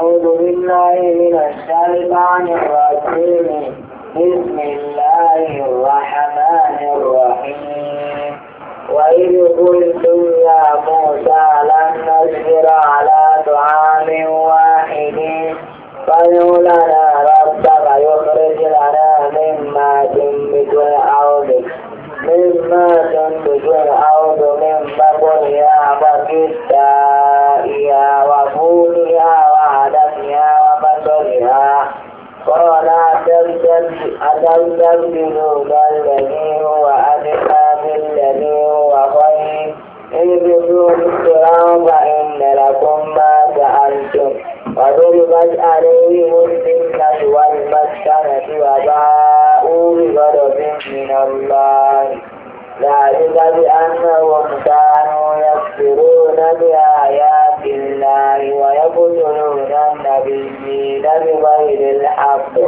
أعوذ بالله من الشيطان الرجيم بسم الله الرحمن الرحيم وإذ قلتم يا موسى لن نصبر على طعام واحد فادع لنا ربك يخرج لنا مما تنبت الأرض مما تنبت الأرض من يا بكر أتيت بجنود الذي هو أدنى بالذي هو خير اجلسوا بالصراط إن لكم ما سألتم وضربت عليهم الذلة والمسكنة وباءوا بغضب من الله ذلك بأنهم كانوا يكفرون بآيات الله ويقتلون النبيين بغير الحق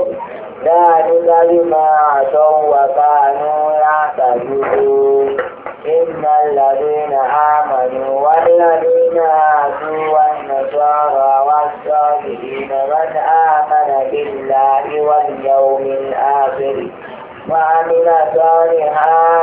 ذلك بما عصوا وكانوا يعتدون إن الذين آمنوا والذين هادوا والنصارى والصالحين من آمن بالله واليوم الآخر وعمل صالحا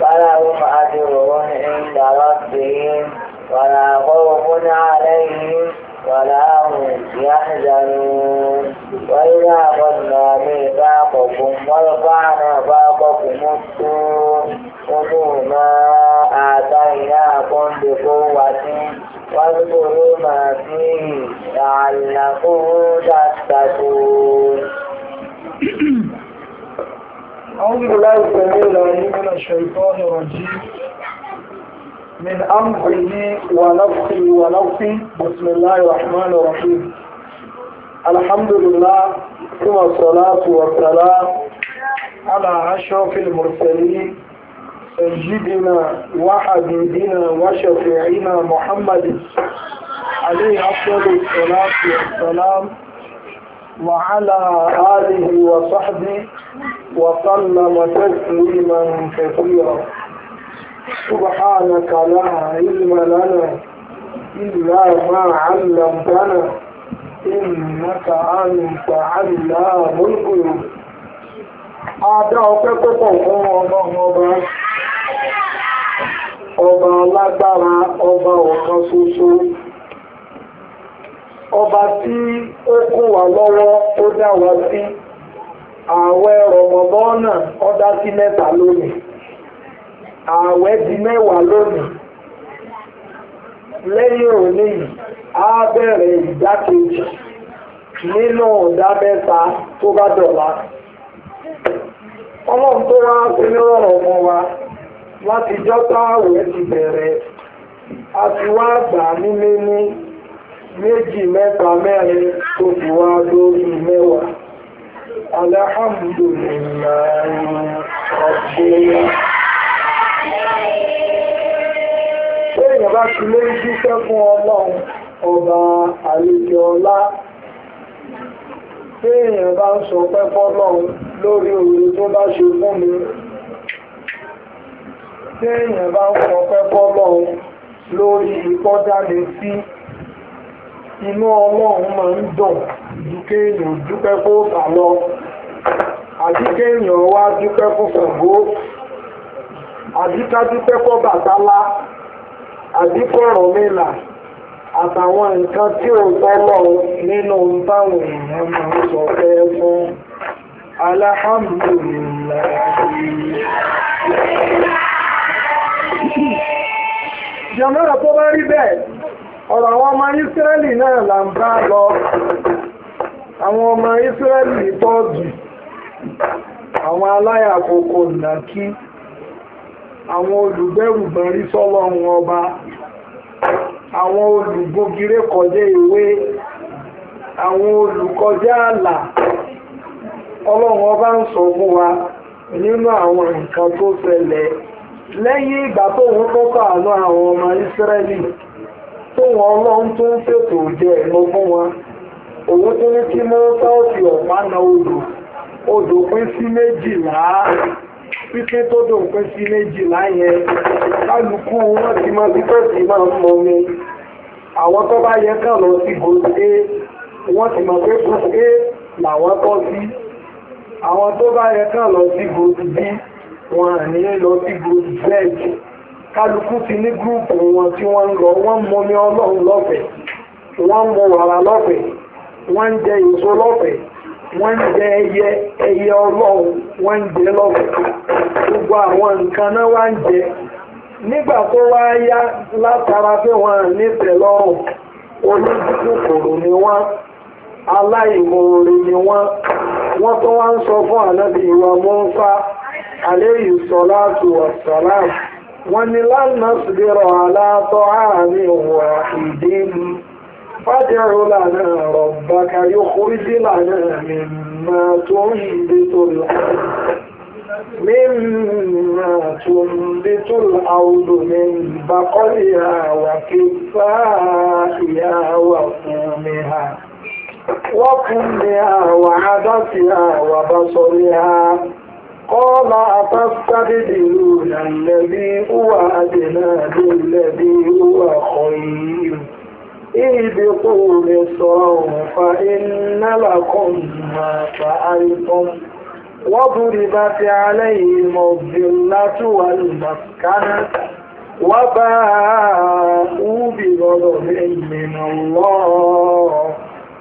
فلهم أجرهم عند ربهم ولا خوف عليهم ولا هم يحزنون وإذا أخذنا ميثاقكم ورفعنا فوقكم الطور خذوا ما آتيناكم بقوة واذكروا ما فيه لعلكم تتقون أعوذ بالله السميع العليم من الشيطان الرجيم من أمره ونفخه ونفخه بسم الله الرحمن الرحيم الحمد لله ثم الصلاة والسلام على أشرف المرسلين سيدنا وحبيبنا وشفيعنا محمد عليه أفضل الصلاة والسلام وعلى آله وصحبه وسلم تسليما كثيرا سبحانك لا علم لنا إلا ما علمتنا إنك أنت علام الغيوب Adá ọpẹ́ púpọ̀ fún ọba, ọba alágbára, ọba ọ̀kan ṣoṣo. ọba tí ó kún wa lọ́wọ́ ó dá wa sí ààwẹ̀ rọ̀mọ̀bọ́nà ọdá sí mẹ́ta lónìí ààwẹ̀ di mẹ́wàá lónìí lẹ́yìn òní a bẹ̀rẹ̀ ìdákejì nínú ọ̀dá mẹ́ta tó bá dọ̀la ọmọ wa láti ti bẹ̀rẹ̀ a ti wá gbà ní méjì mẹ́ta mẹ́rin tó fi wá lórí mẹ́wàá alhamdulillahi rabbil èèyàn bá ti lé dúpẹ́ fún ọlọ́run ọba àlejò ọlá èèyàn bá ń sọ pẹ́ fọ́lọ́run lórí oore tó èèyàn bá ń sọ pẹ́ fọ́lọ́run lórí ìkọ́jáde sí inú ọlọ́run máa ń dùn ju kéèyàn dúpẹ́ fún ọ̀tà lọ àbí kéèyàn wá dúpẹ́ fún Ṣàngó àbí ká fún Ọbàtálá àbí kọ̀rọ̀ àtàwọn nǹkan tí ò tọ́lọ̀ nínú táwọn èèyàn máa ń sọ fẹ́ fún alhamdulilayi. jọ̀mọ́ra tó bá rí bẹ́ẹ̀. ọ̀rọ̀ àwọn ọmọ Ísírẹ́lì náà là ń bá lọ àwọn ọmọ Ísírẹ́lì bọ́ọ̀dù àwọn aláyàkókò nàkí àwọn olùgbẹ́rùbọ̀nrí sọ́lọ́run ọba àwọn olùgbógiré kọjá ìwé àwọn olùkọjá àlà ọlọ́run ọba ń sọ fún wa nínú àwọn nǹkan tó ṣẹlẹ̀ lẹ́yìn ìgbà tóun kọ́kọ́ àánú àwọn ọmọ Ísírẹ́lì tóun ọlọ́run tó ń ṣètò jẹ ẹ̀nu fún wọn òun tó ní kí mọ́tà òfin ọ̀pá na odò odò pín sí méjìlá pípín tó dùn pín sí méjìlá yẹn kálukú wọn ti máa fi tẹ̀sí máa ń mọ mi àwọn tó bá yẹ kàn lọ sí ti tọ́ bá yẹ kàn lọ sí bí wọn à ní lọ sí kálukú ti ní gúrùpù wọn tí wọ́n ń lọ wọ́n mọ ní ọlọ́run lọ́fẹ̀ẹ́ wọ́n mọ wàrà lọ́fẹ̀ẹ́ wọ́n ń jẹ èso lọ́fẹ̀ẹ́ wọ́n ń jẹ ẹyẹ ẹyẹ ọlọ́run wọ́n ń jẹ lọ́fẹ̀ẹ́ gbogbo àwọn nǹkan náà wá ń jẹ nígbà tó wá yá látara pé wọ́n nífẹ̀ẹ́ lọ́rùn olójúkòkòrò ni wọ́n aláìmoore ni wọ́n wọ́n tó wá ń sọ fún ànábì ìwà mọ́ńfà àléyìí sọ́láàtù wàsálàmù wọ́n ní lánàá sílẹ̀rọ̀ aláàtọ̀ àárín òun àìdí fàdẹ̀rù lánàá rọ̀bàkà yóò kórí sí lánàá mímá tó ń bí tó mímá tó ń bí tó àwùdó ní bàkọ́lì àwà kí bá sọ mi ha. قال أتستبدلون الذي هو أدنى بالذي هو خير اهبطوا مصرا فإن لكم ما فعلتم وضربت عليهم الذلة والمسكنة وباءوا بغضب من الله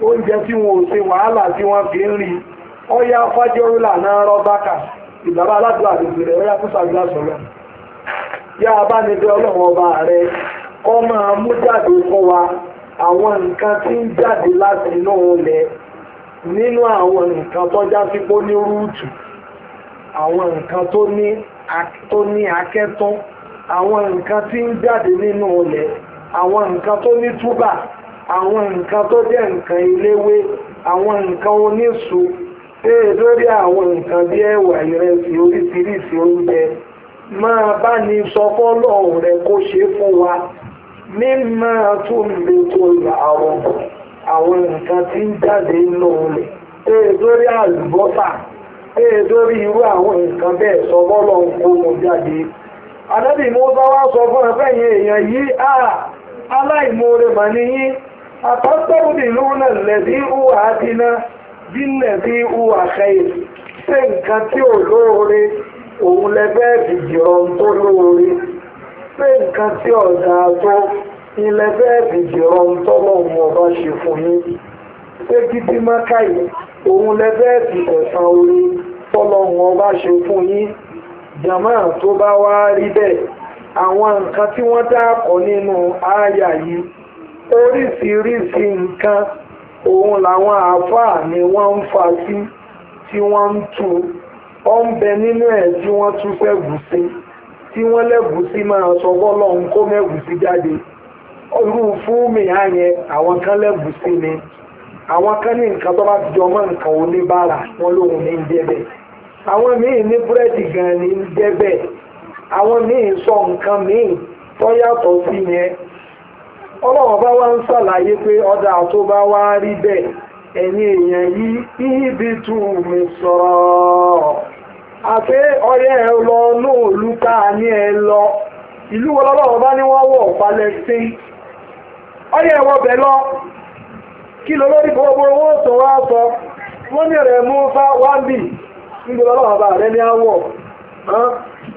oúnjẹ tí wọ́n ò ṣe wàhálà tí wọ́n fi ń rí ọyá fájọ́rúlà náà rọ́bákà ìbàbá aládùn àdùgbò rẹ̀ ọyá fúnṣà gbà sọ̀rọ̀ yá abánidé ọlọ́run ọba rẹ kọ́ máa mú jáde fún wa àwọn nǹkan tí ń jáde láti inú ilẹ̀ nínú àwọn nǹkan tó já sí pó ní rúùtù àwọn nǹkan tó ní Akẹ́tọ́. àwọn nǹkan tí ń jáde nínú ilẹ̀ àwọn nǹkan tó ní túbà àwọn nǹkan tó jẹ́ nǹkan iléwé àwọn nǹkan oníṣu ee eh, lórí àwọn nǹkan bí ẹ̀wà ìrẹsì oríṣiríṣi oúnjẹ máa bá ní sọ rẹ kó ṣe fún wa ní máa tún lè kó àwọn àwọn nǹkan tí ń jáde nínú rẹ̀ eh, lórí àlùbọ́sà eh, lórí irú àwọn nǹkan bẹ́ẹ̀ sọ kó jáde wá sọ àtọ́tọ́bùdìlúnà lẹ́bí ìhùwà àdínà bí lẹ́bí ìhùwà kẹ́yì ṣé nǹkan tí ò lóore òun lẹ́bẹ́ ìdìjọ́ tó lóore ṣé nǹkan tí ọ̀dà tó ilẹ̀bẹ́ ìdìjọ́ tó lọ́wọ́ ọba ṣe fún yín ṣé gidi mákàyì òun lẹ́bẹ́ ìdẹ̀sán orí tọ́lọ́wọ́ ọba ṣe fún yín jàmá tó bá wá rí bẹ́ẹ̀ àwọn nǹkan tí wọ́n dáàkọ́ nínú ááyà yìí oríṣiríṣi nǹkan òun làwọn àáfàá ni wọ́n ń fa sí tí wọ́n ń tu ọ ń bẹ nínú ẹ̀ tí wọ́n tún fẹ́ gùsí tí wọ́n lẹ́gùsí máa sọ bọ́lọ̀ ń kó mẹ́gùsí jáde irú fúnmi àyẹn àwọn kan lẹ́gùsí ni àwọn kan ní nǹkan tó bá ti jọ mọ́ nǹkan oníbàárà wọn lòun ní ń jẹ́ bẹ́ẹ̀ àwọn míì ní búrẹ́dì gan ni ń jẹ́ bẹ́ẹ̀ àwọn míì sọ nǹkan míì tó yàtọ̀ sí yẹn ọlọ́run bá wá ń pé ọdá tó bá wá rí bẹ́ẹ̀ ẹni èèyàn yìí ibi tún mi sọ̀rọ̀ àti ọyẹ́ ẹ lọ lóòlù tá ní ẹ lọ ìlú wọn bá ní wọ́n wọ̀ ọyẹ́ lọ kí gbogbo owó tó sọ wọ́n ní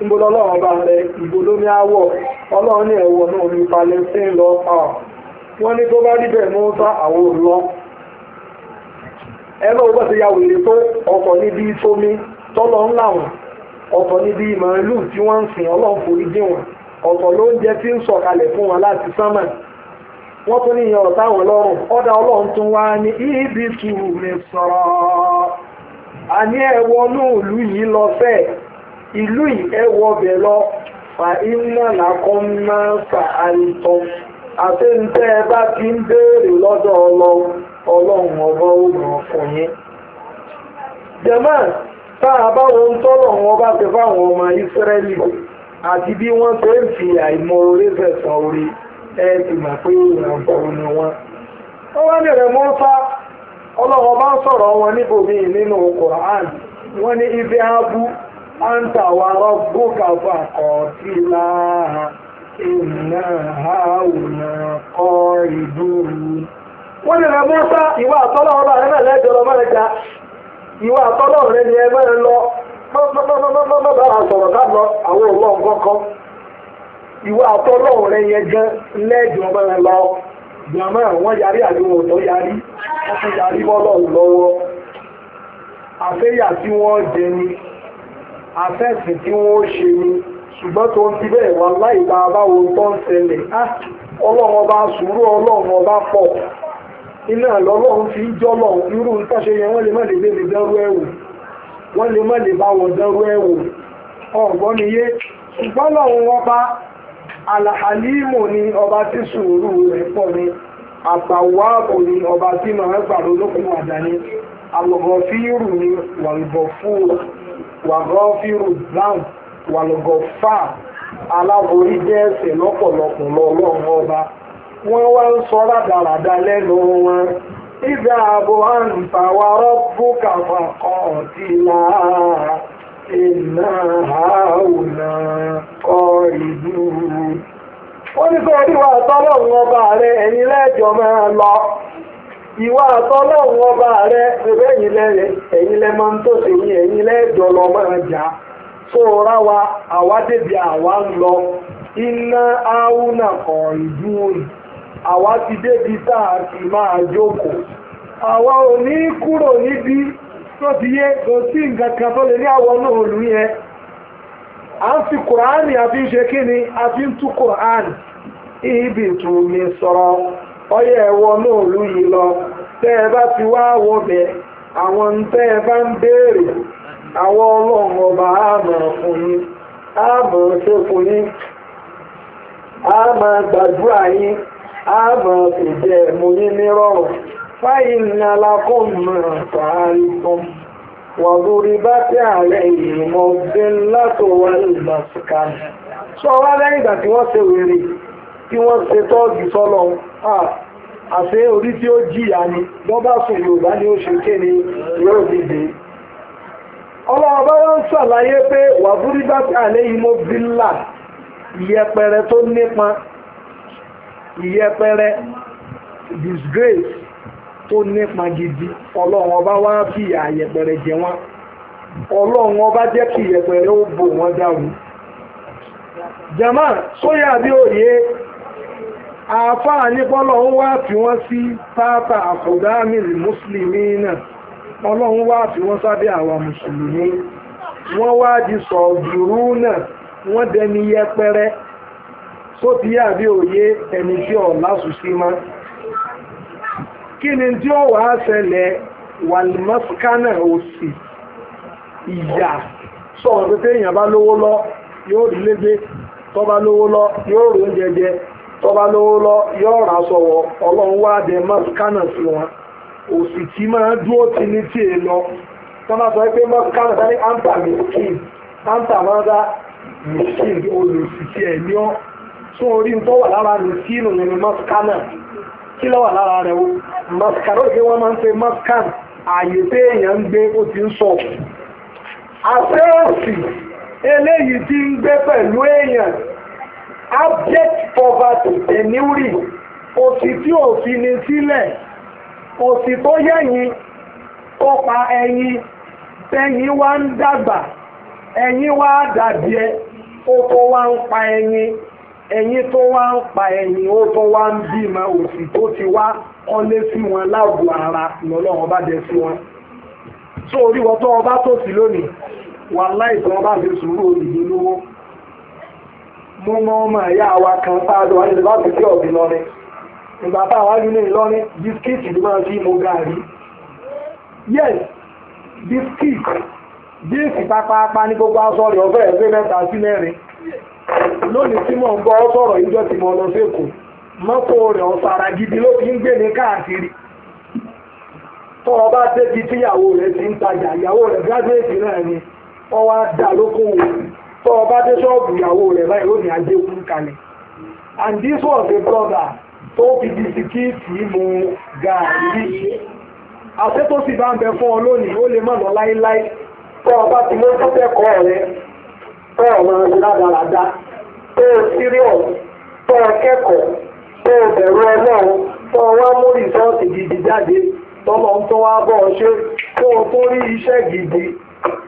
níbo lọ́lọ́run bá rẹ ìbò lómi àwọ̀ ọlọ́run ní ẹ̀wọ̀ náà ní palestine lọ pa wọ́n ní tó bá rí mú àwọn ẹ lọ́wọ́ bọ́sẹ̀ ya wèrè tó ọkọ̀ níbi tómi tọ́lọ ńlá wọn ọ̀tọ̀ níbi màálù tí wọ́n ń sìn ọlọ́run forí wọn tí ń sọ̀kalẹ̀ fún wọn láti sánmà wọ́n ìlú ìẹ́wọ̀ bẹ̀ lọ fa iná nàkọ́ máa fa àìtọ́ àti ntẹ́ ẹ bá ti ń béèrè lọ́dọ̀ ọlọ́run ọlọ́run ọba ó ràn fún yín. jẹ́mọ́ tá a bá wọn tọ́lọ̀ wọn bá ti fáwọn ọmọ ìsírẹ́lì àti bí wọ́n ṣe ń fi àìmọ̀ orí fẹ̀sán orí ẹ ti mọ̀ pé ìrànbọ̀ ni wọ́n. ó wá ní rẹ̀ أنت وربك فقاتلا إنا هاهنا قاعدون wọ́n lè mú sá ìwà àtọ́lọ́wọ́ náà ẹ̀mẹ́ lẹ́jọ́ lọ mẹ́rin ká ìwà àtọ́lọ́wọ́ rẹ ni ẹ̀mẹ́ lọ mọ́mọ́mọ́mọ́mọ́mọ́mọ́mọ́ sọ̀rọ̀ ká lọ àwọn òwò ọ̀gọ́kọ́ ìwà àtọ́lọ́wọ́ rẹ yẹn gan lẹ́jọ́ mẹ́rin lọ gbàmọ́ wọ́n yarí àdúgbò tó yarí wọ́n tún yarí bọ́lọ̀ lọ́wọ́ àfẹ́yà tí wọ́n jẹ ni àfẹ́sì tí wọ́n ṣe ni ṣùgbọ́n tó ń ti bẹ́ẹ̀ wà láì bá a bá wo tó ń ṣẹlẹ̀ á ah, ọlọ́run ọba sùúrù ọlọ́run ọba pọ̀ iná lọ́lọ́run fi jọ́lọ̀ irú nǹkan ṣe yẹn wọ́n lè má lè bẹ́ẹ̀ lè dẹ́rú ẹ̀wò wọ́n lè má lè bá wọn dẹ́rú ẹ̀wò ọ̀gbọ́n ni yé ṣùgbọ́n lọ́run ọba alàhálímù ni ọba tí sùúrù rẹ̀ pọ̀ ni àtàwáàbò ni ọba tí màá gbàdúrà lókun àdáni àlọ́gọ́fíìrù ni wàlúbọ̀fúù wà gọ́fìrù brown wà lọ́gọ́fà aláborí jẹ́ ẹ̀ṣẹ̀ lọ́pọ̀lọpọ̀ lọ́wọ́ ọba wọ́n wá ń sọ rádaràda lẹ́nu wọn ìgbà àbò àǹfà wa rọ́pù kàfà kọ̀ọ̀tìlá iná àwòrán kọ́rìdú. ó ní sọ orí wa ọba rẹ̀ ẹ̀yin lẹ́jọ́ máa lọ. ìwà àtọ́lọ́run ọba rẹ̀ ẹgbẹ́ yìí lẹ́rẹ̀ ẹ̀yìn máa ń tó ṣe ẹ̀yìnlẹ́ tó ráwa wa àwa ń lọ iná áhùnà kan ìdúró àwa ti débi tá a ti máa jókòó àwa ò ní kúrò níbi tó ti yé kò sí nǹkan kan tó lè ní ibi sọ̀rọ̀. ọ ẹ̀wọ̀ náà ló yí lọ tẹ́ ẹ bá ti wá wọbẹ̀ àwọn ń tẹ́ ẹ bá ń béèrè àwọn ọlọ́run a àmọ̀ fún yín ma ṣe fún yín àmọ̀ gbàdúrà yín àmọ̀ ìjẹ́ mú yín nírọ̀rùn fáyín ní wàlúrí bá sọ wá ìgbà tí ṣe wèrè tí wọ́n ṣe tọ́ọ̀gì sọ́lọ àṣẹ orí tí ó jìyà ni bọ́bá sùn yorùbá ni ó ṣe ké ni yóò dìde ọlọ́ọ̀bá wọn ṣàlàyé pé wàbúrígbà tí àlẹ́ yìí mo bí là ìyẹpẹrẹ tó nípa ìyẹpẹrẹ disgrace tó nípa gidi ọlọ́run ọba wá fi àyẹpẹrẹ jẹ wọn ọlọ́run ọba jẹ́ kí ìyẹpẹrẹ ó bò wọ́n dàrú jama sóyà bí òye àáfàá nípa ọlọ́run wá tí wọ́n sí tààtà àkùdámìlì mùsùlùmí náà ọlọ́run wá tí wọ́n sábẹ́ àwà mùsùlùmí wọ́n wá di sọ̀dùrú náà wọ́n dẹni yẹpẹrẹ sóti yá bí òye ẹni tí ọ̀ lásùsí má kí ni tí ó lọ yóò rí lọ yóò rí tọ́ba lówó lọ yóò rà sọ̀wọ́ ọlọ́run wá dé mọ́kánà sí wọn òsì tí máa dúró ti ní tí è lọ tọ́ba sọ pé mọ́kánà sáré áńtà mìsíkìn áńtà máa dá mìsíkìn olùsì tí ẹ̀ ní ọ́ tún orí ń tọ́wà lára mìsíkìn òun ni mọ́kánà kí lọ́wà lára rẹ̀ o mọ́kánà ó ṣe wọ́n máa ń pe mọ́kánà àyè tí èèyàn ń gbé ó ti ń sọ àṣẹ òsì eléyìí ti ń gbé pẹ̀lú èèyàn abject poverty penury òṣì tí òfin ní sílẹ̀ òsì tó yẹ̀yìn tó pa ẹyin tẹ́yìn wá ń dàgbà ẹyin wá dàbíẹ ó tó wá ń pa ẹyin ẹyin tó wá ń pa ẹyin ó tó wá ń bímọ òsì tó ti wá kọ́lé sí wọn ara bá jẹ sí wọn ọba tó sí lónìí ọba fi sùúrù òdìdí lówó. mo mọ ọmọ ẹ̀yà wa kan sáájú wáyé láti kí ọ̀bí lọ́rin ìgbà tá àwọn alúlé lọ́rin ló máa fi mo gàrí yes bisikíìtì jíìsì pápápá ní gbogbo aṣọ ọ̀fẹ́ ẹ̀fẹ́ mẹ́ta sí mẹ́rin lónìí tí mò ń gbọ́ sọ̀rọ̀ ìjọ tí mo lọ mọ́tò rẹ̀ gidi ló fi ń gbé ní káàkiri tó o bá débi ti ń tajà ìyàwó rẹ̀ gíráfíìsì náà ni ọwọ́ so ọba bá dé ṣọ́ọ̀bù ìyàwó rẹ̀ báyìí ní ajé kú kalẹ̀ and this was a brother tó fi bisikíìtì mu gàárì àṣẹ tó sì bá ń bẹ fún ọ lónìí ó lè má lọ láéláé tó o ti mú sọ́tẹ̀kọ́ rẹ tó o máa ń rádaràda tó o serious tó o kẹ́kọ̀ọ́ tó o bẹ̀rù ọlọ́run tó o wá mú gidi jáde tọ́lọ́ ń tó wá bọ̀ ọ ṣe tó o tó rí iṣẹ́ gidi.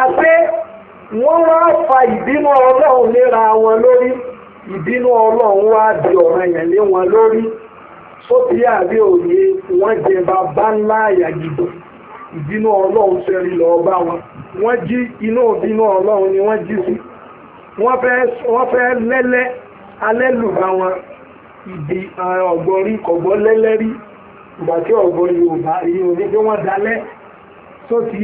àti wọ́n wá fa ìbínú ọlọ́run léra wọn lórí ìbínú ọlọ́run wá di ọ̀ràn yẹn lé wọn lórí sóti àbí òye wọ́n jẹ bàbá ńlá àyà gidi ìbínú ọlọ́run sẹ́rí lọ bá wọn wọ́n jí inú ìbínú ọlọ́run ni wọ́n jí sí wọ́n fẹ́ lẹ́lẹ́ alẹ́ lù bá wọn ìdí ọ̀gbọ́n rí kọ̀gbọ́n ìgbà tí ọ̀gbọ́n Yorùbá èyí ò ní pé wọ́n dalẹ́ sóti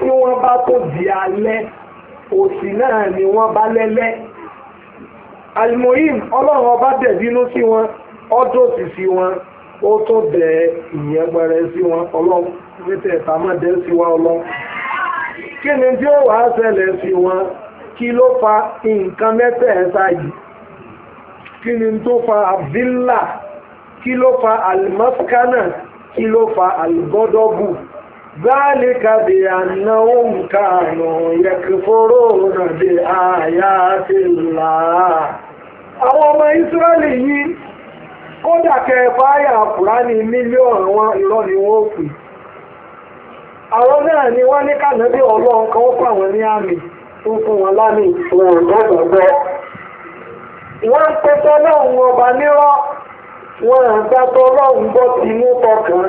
tí wọ́n bá tó di alẹ́ òsì náà ni wọ́n bá lẹ́lẹ́ alimoyim ọlọ́run ọba dẹ̀bínú sí wọn ọdún òsì sí wọn ó tó dẹ̀ ìyẹn pẹrẹ sí wọn ọlọ́run títẹ̀ ìtàmọ́ dẹ̀ sí wa ọlọ́run kí ni tí ó wàá ṣẹlẹ̀ sí wọn kí ló fa nǹkan mẹ́tẹ̀ẹ̀ta yìí kí ni tó fa àbílà kí ló fa àlùmọ́sánà kí ló fa àlùgọ́dọ́gù ذلك بأنهم كانوا يكفرون بآيات الله àwọn ọmọ ìsírẹ́lì yìí kódà kẹfà àyà kùránì àwọn irọ́ ni wọ́n pè àwọn náà ni wọ́n ní Kànàdé ọlọ́run kan àwọn ní àmì fún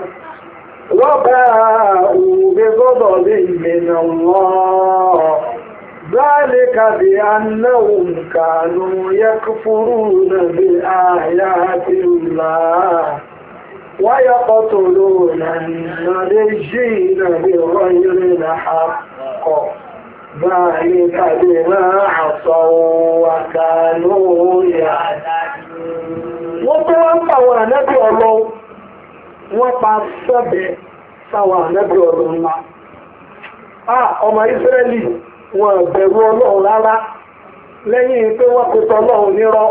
wọn وباءوا بغضب من الله ذلك بأنهم كانوا يكفرون بآيات الله ويقتلون النبيين بغير الحق ذلك بما عصوا وكانوا يعلمون. wọ́n tó wá ń pàwọn ànábì ọlọ́run wọ́n pa sẹ́bẹ̀ sáwọn ọdún ọ̀dọ̀ ńlá ọmọ Ísírẹ́lì wọ́n bẹ̀rù ọlọ́run rárá lẹ́yìn pé wọ́n kò tọ́ ọlọ́run nírọ́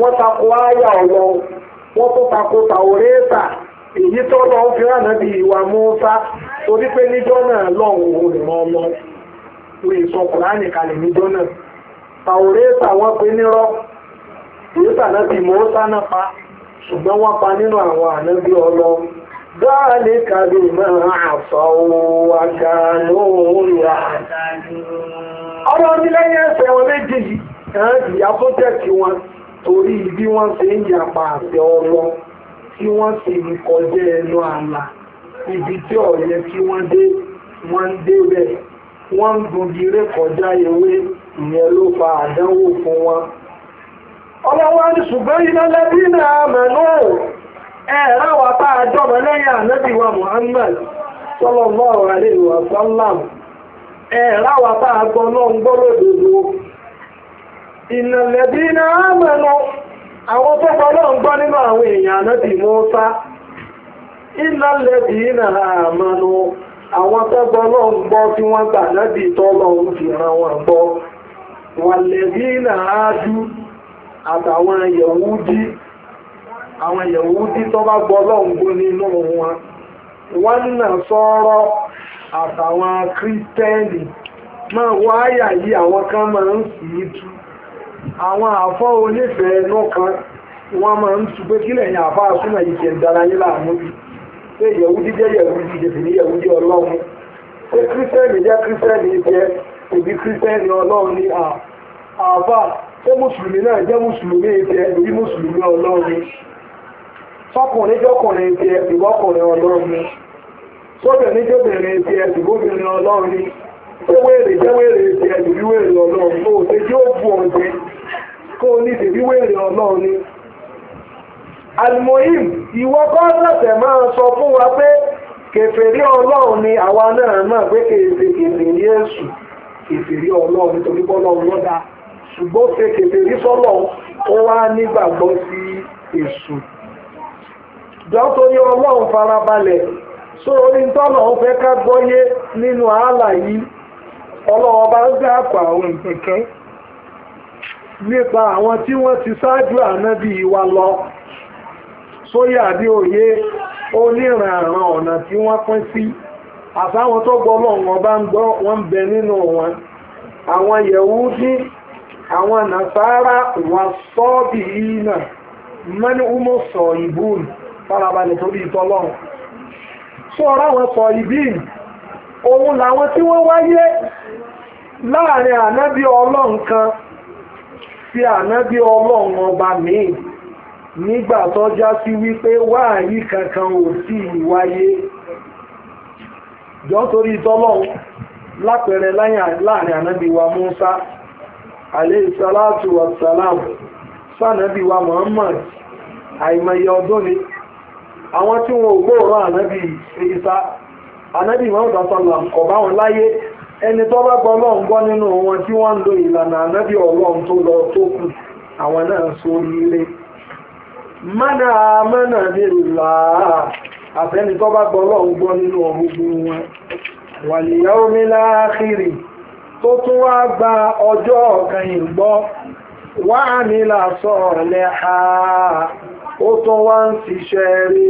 wọ́n takò áyà wọ́n tó tàwórẹ́ẹ̀tà èyí tó náà òun ọmọ wọ́n náà tàwórẹ́ẹ̀tà wọ́n pe nírọ́ ṣùgbọ́n wọ́n pa nínú àwọn ànábí ọlọ dáàlì kàbí máa àṣọ àgbà lóòrùn ọlọ́ ní lẹ́yìn ẹsẹ̀ wọn méjì yìí ìyá tó tẹ̀sí wọn torí bí wọ́n ṣe ń yapa àṣẹ ọlọ tí wọ́n sì ń kọjá ẹnu àlà ibi tí ọ̀yẹ kí wọ́n dé wọ́n ń débẹ̀ wọ́n ń gungi ré ewé ìyẹn ló fa àdánwò fún wọn. ọlọ́wọ́ ní ṣùgbọ́n iná lẹ́bí náà mẹ́nú ẹ̀rọ wà a lẹ́yìn ànábì wa Muhammad sallallahu alaihi wa sallam ẹ̀rọ wà a iná lẹ́bí náà mẹ́nú àwọn tó ń gbọ́ nínú àwọn èèyàn iná lẹ́bí náà mẹ́nú àwọn tó àtàwọn yẹ̀wúdí àwọn yẹ̀wúdí tó bá gbọ́ lọ́ngbó nínú wọn wọ́n nà sọ̀rọ̀ àtàwọn kírísítẹ́nì máa wọ àyà yìí àwọn kan máa ń sì í tú àwọn àfọ́ onífẹ̀ẹ́ inú kan wọ́n máa ń tú pé kílẹ̀ yẹn àfọ́ àsúnà yìí kẹ̀ ń dára yín láàmú bí pé yẹ̀wúdí jẹ́ yẹ̀wúdí jẹ̀sì ní yẹ̀wúdí ọlọ́run pé kírísítẹ́nì jẹ́ kírísítẹ́nì jẹ́ òbí kírísítẹ́nì ọlọ́run ní àfà ṣé mùsùlùmí náà jẹ́ mùsùlùmí ìfẹ́ ìbí mùsùlùmí ọlọ́run sọkùnrin jọkùnrin ìfẹ́ ìbọkùnrin ọlọ́run sóbìnrin jọbìnrin ìfẹ́ ìbóbìnrin ọlọ́run wéèrè jẹ́ wéèrè ìfẹ́ ìbí wéèrè ọlọ́run ó ṣe yóò bu ọ̀dẹ kó o ní ìbí wéèrè ọlọ́run ni. alimoyim ìwọ kọ́ lọ́sẹ̀ máa sọ fún wa pé kèfèrí ọlọ́run ni àwa náà náà pé kèfèrí Jésù kèfèrí ọlọ́run torí bọ́lọ́run lọ́dàá ṣùgbọ́n ṣe kèfè rí sọ́lọ̀ ó wá nígbàgbọ́ sí èṣù dọ́tọ́ ní ọlọ́run farabalẹ̀ só orí tọ́nà ń fẹ́ ká gbọ́yé nínú ààlà yìí ọlọ́wọ́ bá ń dáàpọ̀ àwọn nǹkan nípa wa lọ sóyè àbí òye onírànràn ọ̀nà tí wọ́n pín sí àtàwọn tó gbọ́ lọ́wọ́ bá ń gbọ́ bẹ nínú wọn àwọn nàfàárà wọn sọ́ọ̀bì yìí náà mẹ́ni umu sọ ìbùn farabalẹ̀ torí ìtọ́lọ́run sọ̀rọ̀ àwọn sọ ìbìn òun làwọn tí wọ́n wáyé láàrin ọlọ́run kan sí ànábì ọlọ́run ọba míì nígbà tó já sí wípé kankan ò sí ìwáyé jọ́ torí ìtọ́lọ́run lápẹẹrẹ láàrin wa alayhi salatu wa salam sànàbí wa Muhammad àìmọye ọdún ni àwọn tí wọn ò gbóòrò ànábì Ìsá ànábì Muhammad sàlám kò bá wọn láyé ẹni tó bá gbọ́ ọlọ́run gbọ́ nínú wọn tí wọ́n ń lo ìlànà ànábì ọlọ́run tó lọ tó kù àwọn náà so ilé mọ́nà mọ́nà nílá àfẹ́ni tó bá gbọ́ ọlọ́run gbọ́ nínú ọ̀hún gbogbo wọn wal yawmil akhir tó tún wá gba ọjọ́ ọ̀kànyìn gbọ́ wá ní làásọ̀ ọ̀lẹ́ ha ó tún wá ń ṣiṣẹ́ rí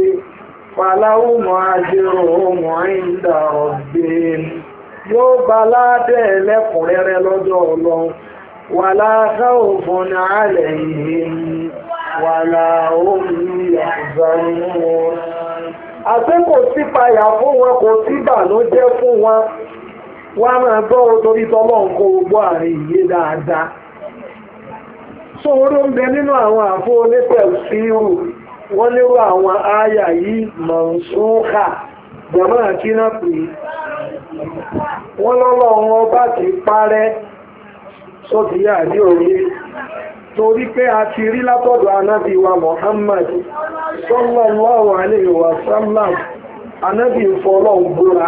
fàlàó mọ́ ajérò mọ́ ìdá ọ̀gbìn yóò bá ládẹ́ lẹ́kùnrẹ́rẹ́ lọ́jọ́ ọlọ́run wà láàká òfin wọn kò sí payà fún fún wọn wa á máa gbọ́ torí tọ́lọ́run kó gbọ́ àárín ìyé dáadáa tó oró ń bẹ nínú àwọn àfó onípẹ̀lú síhù wọ́n lérò àwọn àyà yìí mọ̀nsúnkà jọmọ́ àkínà pé wọ́n lọ́lọ́ wọn bá ti parẹ́ sóti yà ní òye torí pé a ti rí látọ̀dọ̀ anábì wa Muhammad sallallahu alaihi wa sallam anábì fọlọ́ gbóra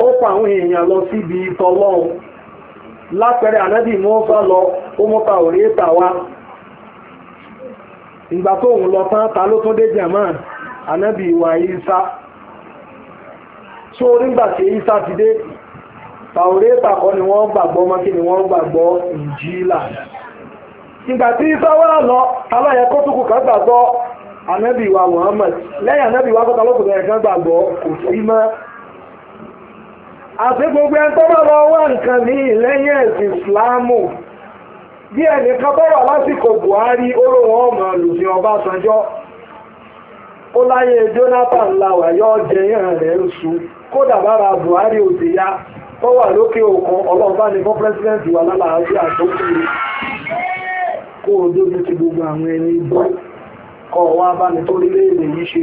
ó pa àwọn èèyàn lọ síbi ìtọ́lọ́run lápẹẹrẹ ànábì mọ́fà lọ ó mọ́fà òrí ètà wa ìgbà tó ń lọ tán ta ló tún dé Jaman, ànábì ìwà ìsá tó nígbà tí ìsá ti dé ètà kọ́ ni wọ́n gbàgbọ́ mọ́ ni wọ́n gbàgbọ́ ìjìlá ìgbà tí ìsá lọ gbàgbọ́ ànábì ìwà lẹ́yìn ànábì ìwà àti gbogbo ẹni tó bá lọ wá nǹkan ní ìlẹ́yìn ẹ̀sìn bí ẹnìkan bá lásìkò Buhari olóhùn ọmọ lùsìn Ọbásanjọ́ ó láyé Jonathan lawà yọ jẹyàn rẹ̀ ń su kódà bára Buhari òdì ya lókè òkun ọlọ́ọ̀bá ni fún kó o ti gbogbo àwọn ẹni bọ́ kọ̀ wá bá mi tó lé yìí ṣe.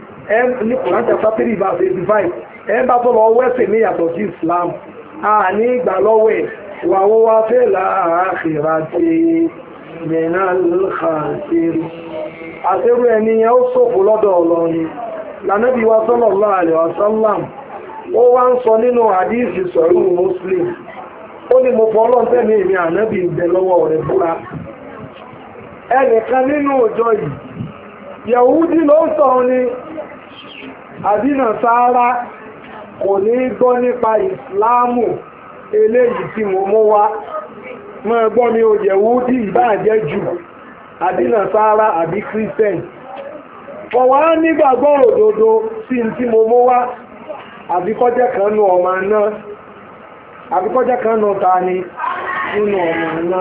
ẹ ní Quran chapter three verse eighty five ẹ bá tó lọ wẹ́sìn ní yàtọ̀ sí Islam a ní ìgbà lọ́wọ́ ẹ̀ wà ó wá fẹ́ láàkìrà ti mẹ́nà lùkàṣẹ́rù àṣẹ́rù ẹni yẹn ó ṣòfò lọ́dọ̀ ọlọ́run lànàbí wa sallallahu alaihi wasallam ó wá ń sọ nínú àdíìsì sọ̀rọ̀ Muslim ó ní mo fọ́ ọlọ́run tẹ̀mí èmi ànábì ìgbẹ́ lọ́wọ́ rẹ̀ búra ẹnìkan nínú òjò yìí Yahudi ló ń sọ ni àdínà sáárá kò ní gbọ́ nípa ìsìláàmù eléyìí tí mo mú wá mọ́ ẹgbọ́n mi ò yẹ̀wú dí ìbáàjẹ́ jù àdínà sáárá àbí christian kọ̀ wá nígbàgbọ́ òdodo sí tí mo mú wá àbíkọ́jẹ́ kan nu àbíkọ́jẹ́ kan nu ta ni nínú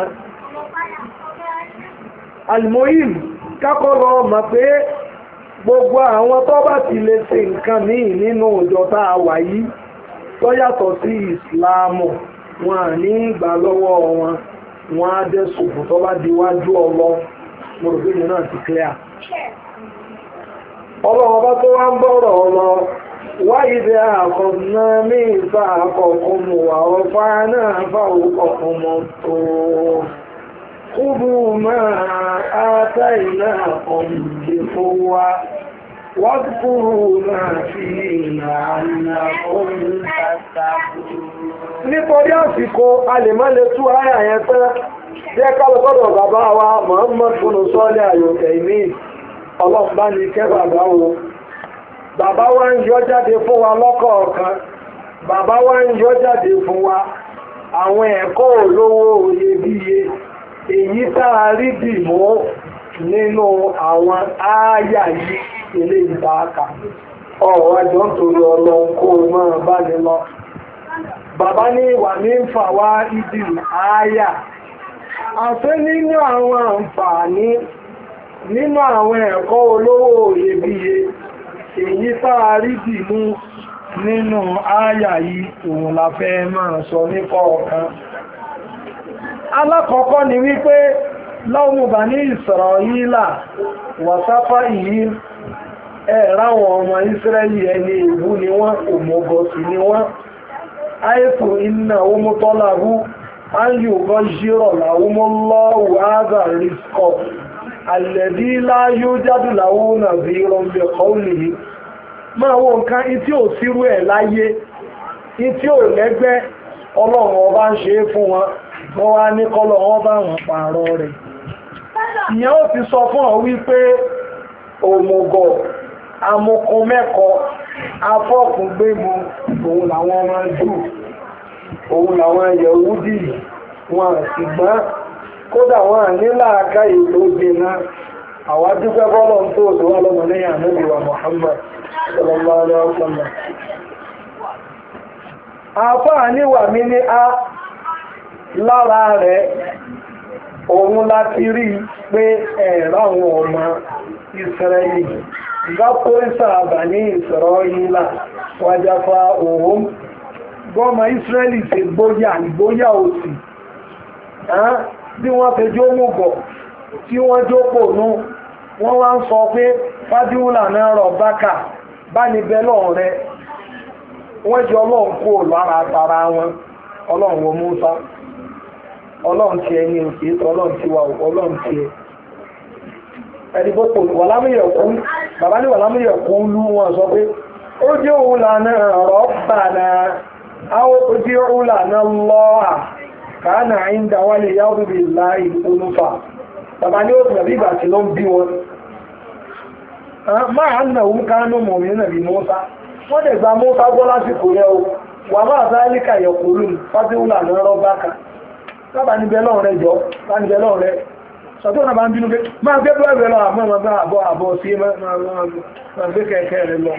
gbogbo àwọn tó bá ti lè ṣe nǹkan míì nínú òjò tá a wà yìí tó yàtọ̀ sí wọn à ní ìgbà lọ́wọ́ wọn wọn á bá di ọlọ mo ti clear. ọlọ́wọ́ bá tó wá ń bọ̀rọ̀ ọlọ àkọ́kọ́ خذوا ما آتيناكم بقوة واذكروا ما فيه لعلكم si àsìkò a lè má lè tú ara yẹn tán jẹ́ ká lọ sọ́dọ̀ bàbá wa Muhammad bin sọ́ọ́lẹ̀ àyọ̀kẹ́ bàbá wa ń yọ jáde fún wa lọ́kọ̀ọ̀kan bàbá wa ń yọ jáde fún wa àwọn ẹ̀kọ́ olówó iyebíye èyí taa a rí dì mọ́ nínú àwọn ááyà yìí ilé ìtaaka ọ̀rọ̀ àjọ nítorí ọlọ́run kó máa bá lọ. bàbá ní ìwà ní ń fà wá ìdì ááyà àti nínú àwọn àǹfààní nínú àwọn ẹ̀kọ́ olówó iyebíye èyí tá rí dì mú nínú ááyà yìí òun la fẹ́ máa sọ alákọ̀ọ́kọ́ ni wípé lọ́wọ́ bá ní Ísírẹ́lì wàsáfà ìyí ẹ̀ráwọn ọmọ Ísírẹ́lì ẹni ìbú ni wọ́n òmùgọ̀sì ni wọ́n àìkù iná omutọ́láhù ayùbọ̀ ṣírọ̀ làwọ́mọ́lọ́wù ọba ń ṣe wọ́n wá ní kọ́lọ̀ wọ́n bá wọn pààrọ̀ rẹ̀ ìyẹn ó ti sọ fún ọ wípé òmùgọ̀ amukun mẹ́kọ afọ́kùn gbẹ́mu òun làwọn ọmọ jù òun làwọn wọn sì kódà wọn ní láàká ètò dènà àwa bọ́lọ̀ tó òdò Muhammad lára rẹ̀ òun láti rí pé ẹ̀rọ àwọn ọmọ Ísírẹ́lì gápórísà àbàní ìsọ̀rọ̀ ìlà wájáfà òun gọ́ọ̀mà Ísírẹ́lì ṣe gbóyà gbóyà òsì bí wọ́n fẹjọ́ jó mùgọ̀ tí wọ́n jókòó nú wọ́n wá ń sọ pé fájúwùlà náà rọ̀ bákà bá ní bẹ́lọ̀ rẹ wọ́n jẹ́ ọlọ́run kó lára tara wọn ọlọ́run wo Mùsá ọlọ́run ẹni òkè ọlọ́run wà ẹ ẹni bó pò wàlámúyẹ̀ bàbá ní kú lú wọn sọ pé ó jẹ́ òun lànà ọ̀rọ̀ bànà àwọn ojú òun lànà lọ́à kàánà àyíǹda wà lè yá òbí bàbá ní ó tẹ̀lé ìgbà nà òun mọ̀ mí mọ́sá wọ́n dẹ̀ gba mọ́sá gbọ́ lásìkò o wà máa bá líkà yẹ̀kùrù fásitì sábà níbẹ̀ lọ́rùn rẹ jọ bá níbẹ̀ lọ́rùn rẹ sọ́tọ́ náà bá ń bínú pé máa gbé bọ́ ẹ̀rọ àmọ́ máa bá àbọ̀ àbọ̀ sí máa gbé kẹ̀kẹ́ rẹ lọ.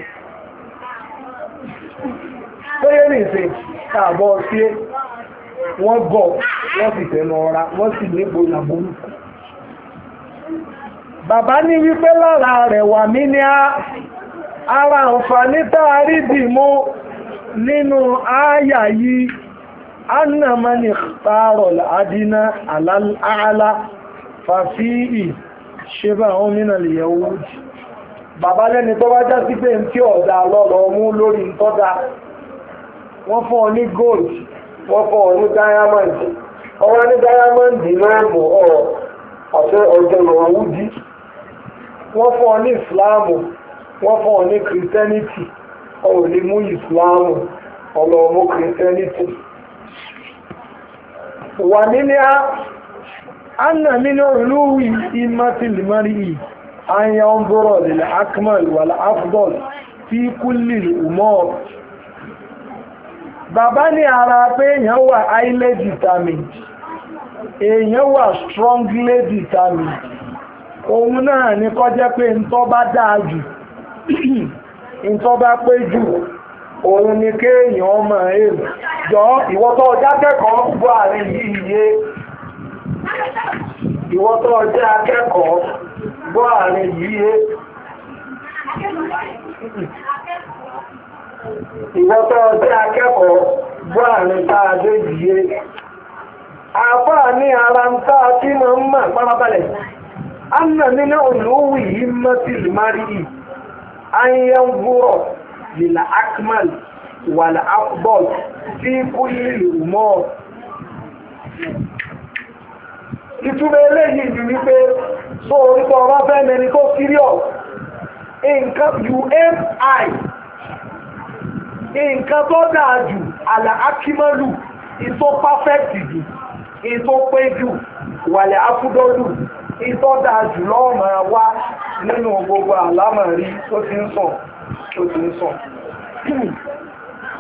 péye ní ìsìn àbọ̀ sí wọ́n gọ̀ wọ́n sì tẹnu ọ̀ra wọ́n sì níbo làbúrú. bàbá ní wípé lára rẹ̀ wà mí ní ara àǹfààní tá a rí dì mú nínú ááyà yìí anna man ikhtaro al-adina ala al-a'la fa fihi shibahun min al-yahud bàbá lẹ́ni tó bá já sí pé ntí ọ̀dà lọ́rọ̀ mú lórí ntọ́da wọ́n fún ọ ní gold wọ́n fún ọ ní diamond ọwọ́ ní diamond náà mọ̀ ọ́ ọ̀sẹ̀ lọ́wọ́ wúdi wọ́n fún ní ìsìláàmù wọ́n fún ní kìrìtẹ́nìtì ọ̀ ò lè mú ìsìláàmù ọ̀lọ́ọ̀mú kìrìtẹ́nìtì. ومنها أن من علو إمة المرء أن ينظر للأكمل والأفضل في كل الأمور bàbá ní ara pé èèyàn wà highly determined èèyàn wà wa determined òun náà ní kó pé ntọ́ bá dáa jù ntọ́ bá pé jù òun ni kéèyàn máa jọ ìwọ́tọ̀ ọjà kẹ́kọ̀ọ́ gbọ́ àárín yìí yé ìwọ́tọ̀ ọjà kẹ́kọ̀ọ́ gbọ́ àárín yìí yé ìwọ́tọ̀ ọjà kẹ́kọ̀ọ́ gbọ́ àárín tààdé yìí yé àpá ní ara ń tá a tí ń mọ̀ pálábalẹ̀ anna nínú olówó yìí mọ́tìlì márì yìí ayé ń gbúrọ̀ lìlà akmal wàlà abọ́d tí kú ìtumọ̀ eléyìí ni wípé tó orúkọ ọba fẹ́ mẹni tó serious nǹkan nǹkan tó dáa jù àlà akímọ́lù ìtò perfect jù ìtò pé jù wàlẹ̀ afúdọ́lù ìtò dáa jù wá nínú gbogbo àlámọ̀rí tó ti ń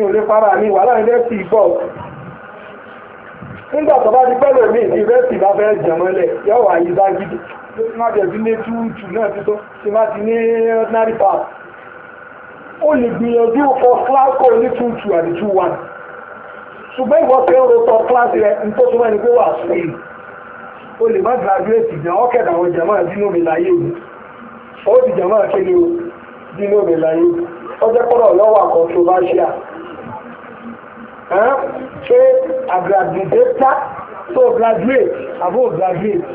kí n fara mi wà láàrin rẹ́sì ìbọ̀ nígbà tó bá di pẹ́ lómi ní rẹ́sì bá fẹ́ jẹ̀ mọ́lẹ̀ yóò wà yí dágídì jẹ̀ sí ní túùtù náà ordinary pass ó lè gbìyànjú for class ní túùtù 1. two ṣùgbọ́n ìwọ fẹ́ ń class rẹ ní tó súnmọ́ pé wà o lè má graduate jẹ́ ọ́kẹ́dà àwọn jàmá dínú mi láyé ó ti o ṣé àgbàgbèdéta tó graduate àbó graduate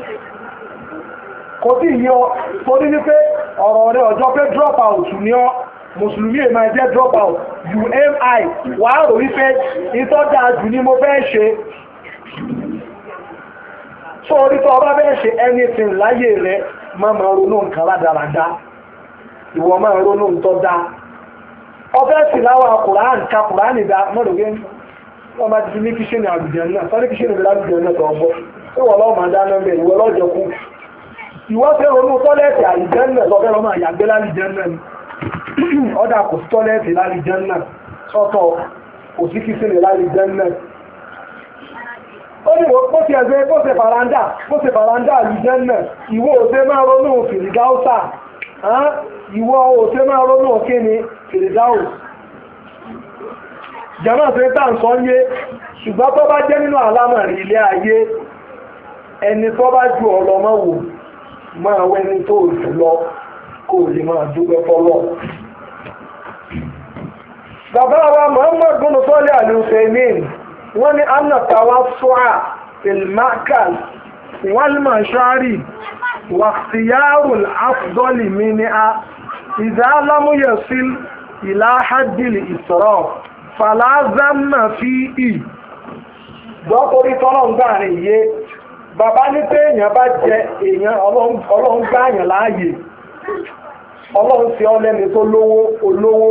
kò sí yọ torí wípé ọ̀rọ̀ rẹ ọjọ́ pé drop out ni ọ́ mùsùlùmí ẹ̀ máa drop out umi wàá rò wípé ìtọ́jà jù ni mo fẹ́ ṣe so orí tó ọba bẹ́ẹ̀ ṣe anything láyé rẹ ma máa ronú nǹkan rádaràda ìwọ máa ronú nǹkan dá ọbẹ̀ sì láwọn akùrán ka kùrán wọ́n bá ti fi ní kíṣẹ́nì àlùjẹ̀n náà sọ́ni kíṣẹ́nì bí lálùjẹ̀n náà tọ́ bọ́ pé wọ́n lọ́ọ́ máa dáná bẹ́ẹ̀ ìwọ lọ́jọ́ kú ìwọ fẹ́ ronú tọ́lẹ́ẹ̀tì àlùjẹ̀n náà sọ fẹ́ lọ́ máa yàgbé lálùjẹ̀n náà ni ọ̀dà kò sí tọ́lẹ́ẹ̀tì lálùjẹ̀n náà sọ́tọ̀ kò sí kíṣẹ́nì lálùjẹ̀n náà ó ní wọ́n kó ti ẹ̀sẹ̀ kó ṣe faranda kó ṣe faranda àlùjẹ́n náà ìwọ òṣè máa ronú fìrìdáùsà ìwọ òṣè máa ronú kíni fìrìdáùsà jẹ́mọ́ sí tá à ń sọ yé ṣùgbọ́n tó bá jẹ́ nínú àlámọ̀rin ilé ayé ẹni tó bá ju ọ̀lọ́ mọ́ wò máa wẹ́ni tó jù lọ kó lè máa dúpẹ́ fọ́lọ́ bàbá wa Muhammad bin Sọ́lé al wọ́n ní anna tawassu'a ilmakal walmashari wàtíyàrùn afdọ́lì mi ni a ìdá alámúyẹ̀sí ìlà haddil israf fàlàzánà fi ì dọ́kórí tọ́lọ́ngbà rẹ̀ yé bàbá ní pé èèyàn bá jẹ èèyàn ọlọ́ngbà àyàn láàyè ọlọ́run ọlẹ́ni tó lówó olówó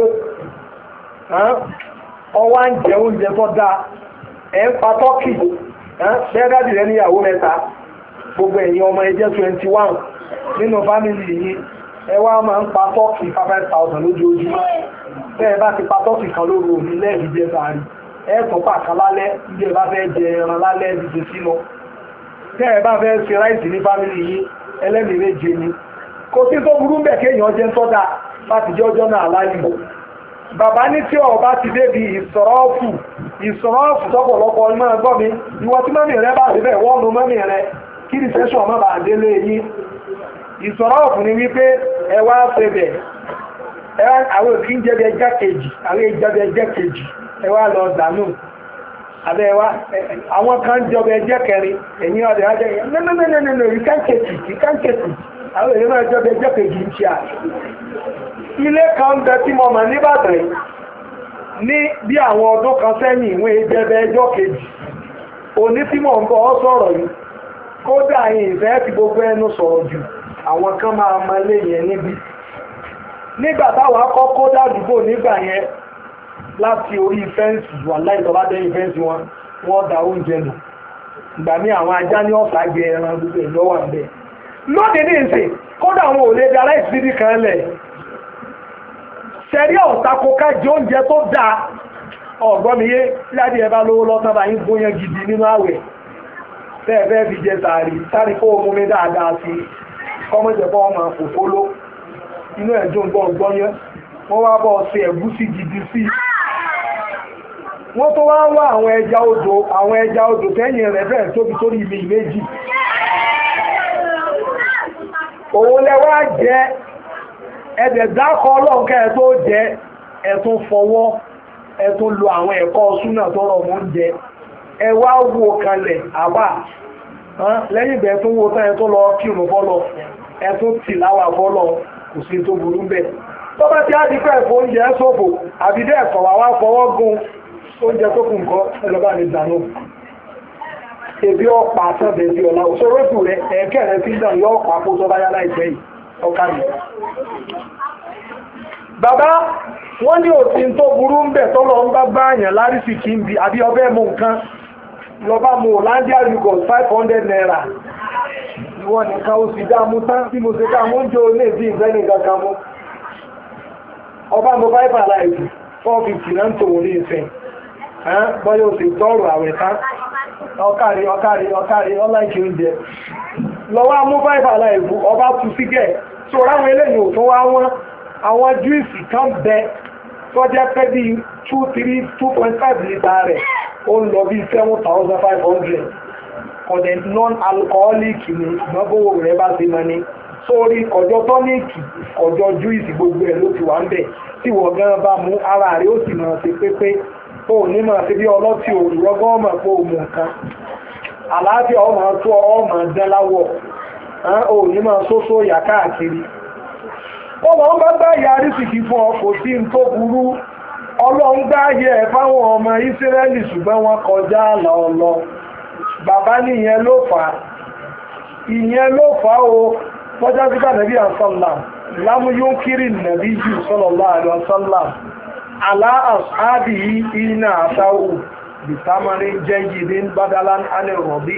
ọwá ń jẹ oúnjẹ tó dáa ẹ̀ ń pa tọ́kì bẹ́ẹ̀dádì níyàwó gbogbo ọmọ twenty one nínú fámìlì yìí ewa ma máa ń pa tọ́ọ̀kì five thousand lójoojúmọ́ bẹ́ẹ̀ bá ti pa tọ́ọ̀kì kan lóru òní lẹ́ẹ̀dì jẹ sàárì ẹ tún ebe lálẹ́ ilé bá fẹ́ jẹ ẹran lálẹ́ ìdíje sínú ebe bá fẹ́ ṣe ráìsì ní fámìlì yìí ẹlẹ́mìí méje ni kò sí tó burú bẹ́ẹ̀ kéèyàn jẹ́ sọ́dà láti jẹ́ ọjọ́ náà bàbá ní ọba ti débi ìsọ̀rọ̀ọ̀fù ìsọ̀rọ̀ọ̀fù tọ́pọ̀lọpọ̀ mi ìsọ̀rọ̀ ọ̀fún ni wipe ẹwà pẹ̀bẹ̀ ẹwà àwọn òkè ń jẹ́bi ẹjẹ́ kejì àwọn ìjọba ẹjẹ́ kejì ẹwà lọ dànù àbẹ̀ àwọn kan jọba ẹjẹ́ kẹrin ẹ̀yìn ajẹ́ you ilé kan bẹ tí mo mọ̀ níbàdàn ní bí àwọn ọdún kan sẹ́yìn ìwé ẹjọ́ kejì òní tí gbogbo ẹnu sọ̀rọ̀ jù àwọn kan máa mọ ilé yẹn níbi nígbà táwọn akọ́kọ́ dàdúgbò nígbà yẹn láti orí fẹ́ǹsì wà láì lọ́ba dẹ́yìn fẹ́ǹsì wọn wọ́n da oúnjẹ nù ìgbà míì àwọn ajá ní ọ̀sà gbé ẹran gbogbo ẹ̀ lọ́wọ́ àbẹ̀ lóde ní ìsìn kódà àwọn ò lè dára ìsídìí kan lẹ̀ ṣẹ̀rí ọ̀sàkó ká jẹ oúnjẹ tó dáa ọ̀gbọ́miyé láti ẹ̀bá lówó lọ́tán bá yín gbóyan gidi nínú àwẹ̀ tẹ́ẹ̀fẹ́ fi jẹ sàárì sáré fóòmù mi dáadáa sí i kọ́mọ ìjẹ̀bọ́ ọmọ òfóló inú ẹ̀jọ́ ń gbọ́ gbọ́yẹ́ wọ́n wá bọ́ ṣe ẹ̀gúsí gidi sí i wọ́n tó wá wá àwọn ẹja odò àwọn ẹja odò tẹ́yìn rẹ̀ bẹ́ẹ̀ tóbi torí ibi méjì òun lẹ́wọ́ jẹ́ ẹ̀dẹ̀ dákọ̀ ọlọ́ọ̀kẹ́ ẹ̀ tó jẹ́ ẹ̀ tó fọwọ́ ẹ̀ tó lo àwọn ẹ̀kọ́ súnà tó rọ̀ mọ́ jẹ ẹ̀ wá wo kalẹ̀ àbá lẹ́yìn ìgbà ẹ̀tún wo tán ẹ̀tún lọ kírun bọ́lọ̀ ẹ̀tún tìláwà bọ́lọ̀ kò sí tó burú bẹ́ẹ̀ tó bá ti á di pẹ́ fún oúnjẹ ṣòfò àbí bẹ́ẹ̀ kọ̀ wá wá fọwọ́ oúnjẹ tó kù nǹkan ẹlọ́ba lè ebi ọ̀la ẹ̀kẹ́ rẹ dàn yọ ọ̀pá lọ́ba mu Hollandia yogurt five hundred naira ìwọ nìkan ó sì dáàmú tán tí mo ṣe dáàmú ń jó lè bí ìfẹ́ nìkan mú ọba mo five alive four fifty náà ń tòun ní ìfẹ́ bọ́yọ̀ òsè tọ́rù àwẹ̀ tán ọkàrí ọkàrí ọkàrí ọláìkì oúnjẹ lọ́wọ́ amú five alive ọba tu sígẹ̀ tó ráwọn eléyìí ò tó wá wọn àwọn júìsì kan bẹ tó pẹ́ bíi two three two point five litre rẹ̀. ó lọ bí seven thousand five hundred non-alcoholic ni ṣùgbọ́n bówó rẹ̀ bá ti mọ sórí ọjọ́ tọ́níìkì ọjọ́ júìsì gbogbo ẹ̀ ló ti wà ń bẹ̀ tí gan bá ara rẹ̀ ó sì mọ̀ pépé ó ní mọ̀ ṣe bí ọlọ́tí òwúrọ́gán ọmọ pé ó nǹkan àlàáfíà ọmọ tó ọmọ dán láwọ̀ ó ní mọ̀ sóso yà káàkiri fún sí ní ọlọ́run gbáyé ẹ̀ fáwọn ọmọ ìsírẹ́lì ṣùgbọ́n wọn kọjá àlà ọlọ bàbá nìyẹn ló fà á ìyẹn ló fà á o tọ́jà síkà nàbí àṣọlá lámúyún kiri nàbí jù sọlọ́lá àlọ́ sọlá àlá àṣáàbì iná àṣáwù bìtámarí jẹ́jì ní badalan anẹ́rọ̀bì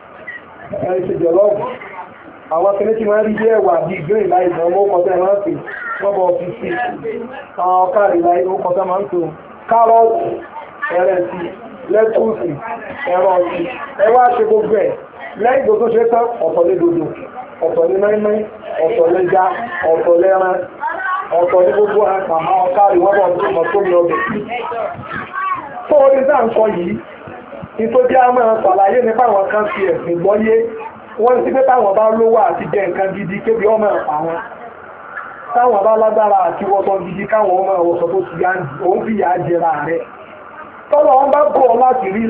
ẹ̀ṣẹ̀ jọlọ́ọ̀bù àwọn akẹ́lẹ́ tí wọ́n rí jẹ́ ẹ̀wà bíi green láì mọ́ owó kọjá máa ń pè wọ́n bọ̀ fi sí àwọn ọ̀kàrí láì owó kọjá máa ń pè wọ́n kárọ̀tì ẹ̀rẹ̀sì lẹ́tùsì ẹ̀rọ̀sì ẹwà ṣe gbogbo ẹ̀ lẹ́yìn tó tó ṣe tán ọ̀tọ̀ lé dodo ọ̀tọ̀ lé mẹ́mẹ́ ọ̀tọ̀ lé já ọ̀tọ̀ lé ẹran ọ̀tọ̀ lé gbogbo ẹ̀ pàmò ọ̀kàrí wọ́n bọ̀ tó mọ̀ tó mi ọbẹ̀ tó orí sáà ń kọ ìtòjú àmọ́ ṣàlàyé ní báwọn kan fi ẹ̀sìn gbọ́yé wọ́n ti pé táwọn bá lówó àti jẹ nǹkan gidi kébi ọmọ àwọn táwọn bá lágbára àti wọ́sọ gidi káwọn ọmọ ìwọ̀sọ tó ti fi rẹ̀ tọ́lọ̀ wọn bá láti rí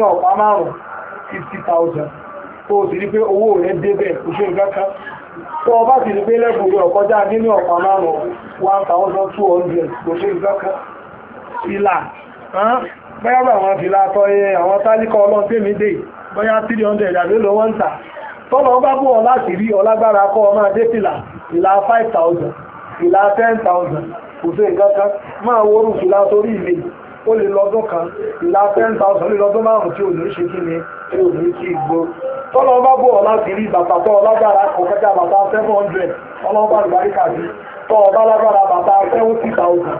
sọ fifty thousand tó o sì rí pé owó rẹ̀ débẹ̀ nǹkan kan tó o bá sì one thousand two hundred nǹkan kan ìlà bóyá bá àwọn fìlà àtọ́ yẹ àwọn tálíkọ ọlọ́run tèmi dé bóyá three hundred àbí ló wọ́n ń tà tọ́lọ́ bá bú ọ láti rí ọlágbára kọ́ ọmọ adé fìlà fìlà five thousand fìlà ten thousand kò sí nǹkan kan máa worú fìlà torí ìlé ó lè lọ́dún kan ìlà ten thousand lè lọ́dún márùn-ún tí òní ṣe kí ni tí òní kí igbó tọ́lọ́ bá bọ̀ láti rí bàtà tọ́ lágbára ọ̀kẹ́jà bàtà seven hundred ọlọ́gbà ìgbàríkà sí tọ́ ọba lágbára bàtà seventy thousand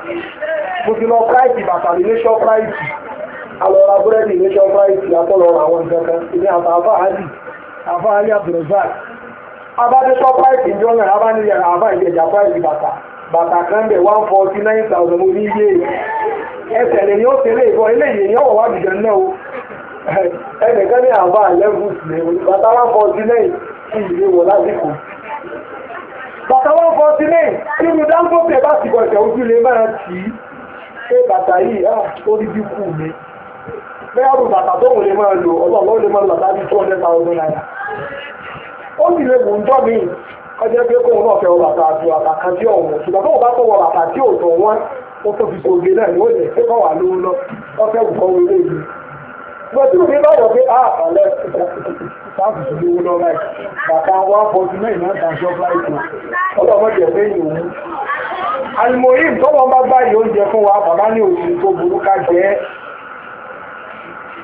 mo ti lọ price bàtà relation price alọ́ra búrẹ́dì ní ṣọ́fáìtì àtọ́lọ́rọ̀ àwọn ìjọkan ilé àtàfà àlì àfà àlì àbùrẹ́sàk abájẹ́ ìjọ́nà abánilẹ̀ àfà ìjẹjà fáìtì bàtà bàtà kan bẹ̀ one ní iye ó tẹ̀lé ìbọn ni o ẹnìkan ní àfà bàtà kí ni bá ti bọ̀ ẹ̀sẹ̀ ojú lè máa tì í pé bàtà ah, bẹ́ẹ̀ bàtà tó wòlé máa lò ọlọ́ọ̀lọ́ lè máa naira ó sì lè wù ń jọ́ mi ọjọ́ pé kóun náà fẹ́ bàtà àti bàtà kan tí ọ̀wọ̀n ṣùgbọ́n tóun bá tó wọ bàtà tí ó tó fi gbòógè náà ni ó lè fẹ́ kọ́ wà lówó lọ wọ́n fẹ́ wù kọ́ wọlé ṣùgbọ́n tí pé a ah, láì bàtà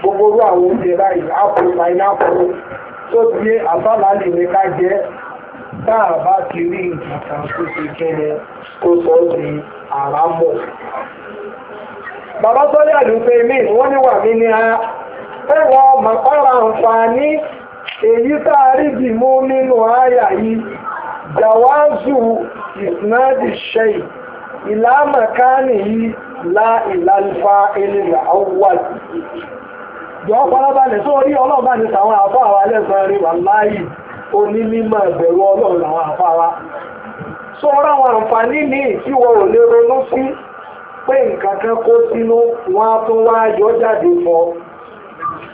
gbogbo orú àwọn oúnjẹ báyìí ápù pineapple tó ti yé àbálàlì ní ká jẹ tá a bá ti rí ìjàkà tó ti kẹrẹ kó sọ di àrámọ̀. bàbá sọ́lé àlùfẹ́ mi wọ́n ní wà mí ní a ẹ̀wọ̀n màkàrà àǹfààní èyí tá a rí bì mú nínú àyà yìí jàwáàzù ìsìnádì ṣẹ́yìn ìlàmàkánì yìí lá ìlàlfà ilẹ̀ àwọn wàlú jọ pálábàlẹ̀ tó rí ọlọ́run bá ní sàwọn àfọ àwa lẹ́sàn-án rí wà láàyè onímọ̀ ẹ̀bẹ̀rù ọlọ́run àwọn àfọ àwa tó ráwọn àǹfààní ní tí wọn ò lè ronú sí pé nǹkan kan kó sínú wọn á tún wá yọ jáde fọ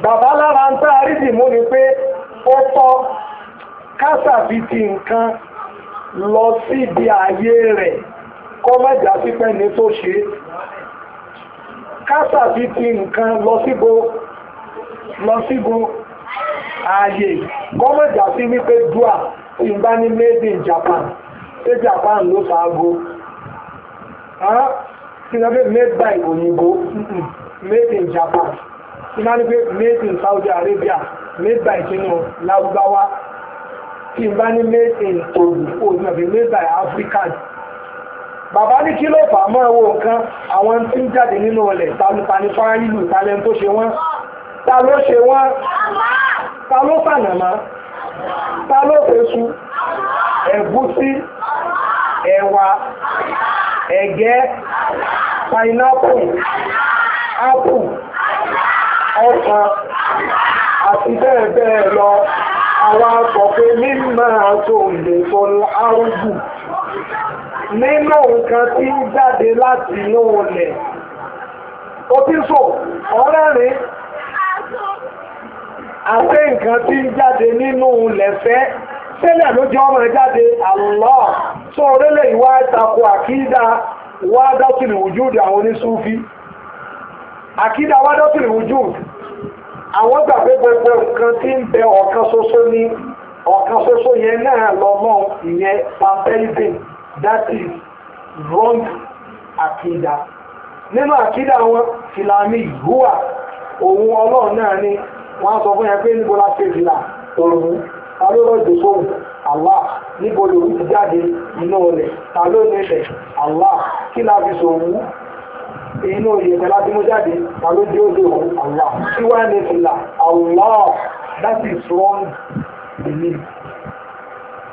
bàbá lára ń tá àrídì mú ni pé ó tọ́ kásàfi ti pípẹ́ ni tó ṣe kásàfi ti nǹkan lọ síbo lọ síbo ààyè gọ́mẹ̀tì àti wípé dua ìgbà ní made in Japan ṣé Japan ló ṣaago sinabe made by òyìnbó made in Japan sinabe made in Saudi Arabia made by kinu Lárúbáwá tí n bá ní made in togo òdùnà bí made by african bàbá ní kí ló fà á mọ́ ẹ̀wọ̀ nǹkan àwọn tí ń jáde nínú ọlẹ̀ talùpàní fárílù talẹ́n tó ṣe wọ́n ta ló ṣe wọ́n ta ló fànàmá ta ló fesu ẹ̀gúsí ẹ̀wà ẹ̀gẹ́ pineapple apple ọsàn àti bẹ́ẹ̀ bẹ́ẹ̀ lọ àwọn akọ̀pẹ́ mímọ́ àtò ìlèso arúgbù nínú nǹkan tí ń jáde láti inú ilẹ̀ òtísò ọ̀rẹ́rin àti nǹkan tí ń jáde nínú lẹ́fẹ́ sẹ́lẹ̀ ló jẹ́ ọmọ jáde àlọ́ tó orílẹ̀ ìwà ìtako àkídà wádọ́tìlì àwọn onísúfí àkídà wádọ́tìlì àwọn gbà pé gbogbo nǹkan tí ń bẹ ọ̀kan ṣoṣo ní ọ̀kan ṣoṣo yẹn náà ìyẹn that is wrong àkídà nínú àkídà wọn fìlàmì ìhùwà òun náà ni wọ́n sọ fún yẹn níbo la ṣe ìlà òòrùn ta ló Allah níbo lòun ti jáde inú ọlẹ̀ ta ló nílẹ̀ Allah kí la fi sòwú inú ìyẹ̀fẹ̀ láti mú jáde ta ló dé òde òun Allah kí wá ní ìlà Allah that is wrong belief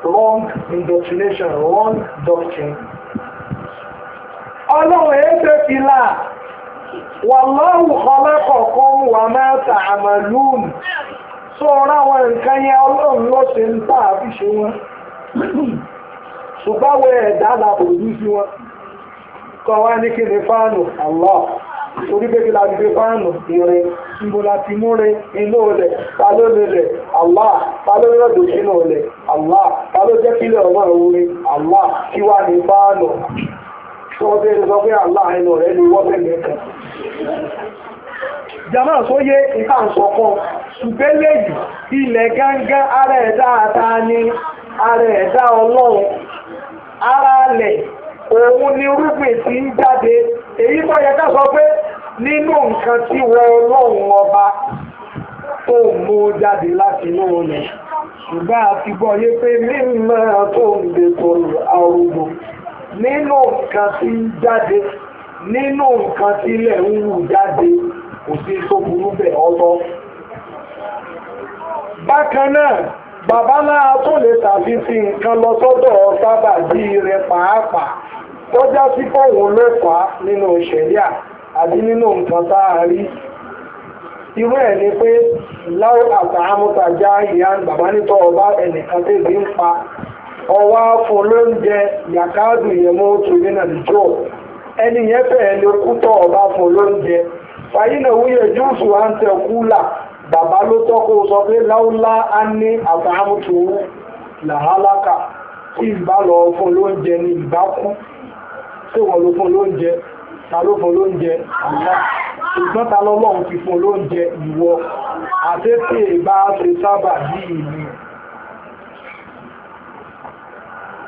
wrong indoctrination wrong doctrine ọlọ́run ẹ̀ ṣe fìlà. wàláhùn kọlẹ́kọ̀ọ́kún wà mẹ́ta àmàlùún tó ráwọn nǹkan yẹn ọlọ́run ló ṣe ń tà àfi ṣe wọn ṣùgbọ́n wẹ ẹ̀dá làbò ojú sí wọn kọ́ wá ní kí ni fáànù àlọ́ orí bébí la ìrìn ti múre inú olè wọ́n bẹ́ẹ̀ sọ pé aláàrin rẹ̀ ní wọ́n bẹ́ẹ̀ mẹ́kàn jama sọ yé nǹkan àǹsọ̀kan ṣùgbẹ́lẹ̀ yìí ilẹ̀ gángan ara ẹ̀dá ata ni ara ẹ̀dá ọlọ́run ara lẹ̀ òun ni rúgbìn ti ń jáde èyí tó yẹ ká sọ pé nínú nǹkan tí wọ ọlọ́run ọba tó mú jáde láti inú rẹ̀ ṣùgbọ́n nínú nǹkan tí ń jáde nínú nǹkan tí ilẹ̀ ń wù jáde kò sí tó burú bẹ̀ ọlọ́. bákan náà bàbá náà tó lè tàbí fi nǹkan lọ sọ́dọ̀ sábà sábàbí rẹ pàápàá tọ́já sí fóun ló fà nínú ìṣẹ̀lẹ̀ àbí nínú nǹkan tá a rí irú ẹ̀ ni pé láwọn àtàhámọ́ta já ìyá bàbá nítọ́ ọba ẹnìkan tèbi ń pa ọwọ́ afọ lóúnjẹ yàkáàdù yẹmọ otu ọba afọ lóúnjẹ wúyẹ júùsù à ń tẹ kúlà bàbá ló tọ́kọ sọ pé láúlá á ní àbáhámùtò tí ìbá lọ fún lóúnjẹ ní ìbá kú tí ló fún lóúnjẹ ta ló fún lóúnjẹ àlá ṣùgbọ́n ta lọ́lọ́run fi fún lóúnjẹ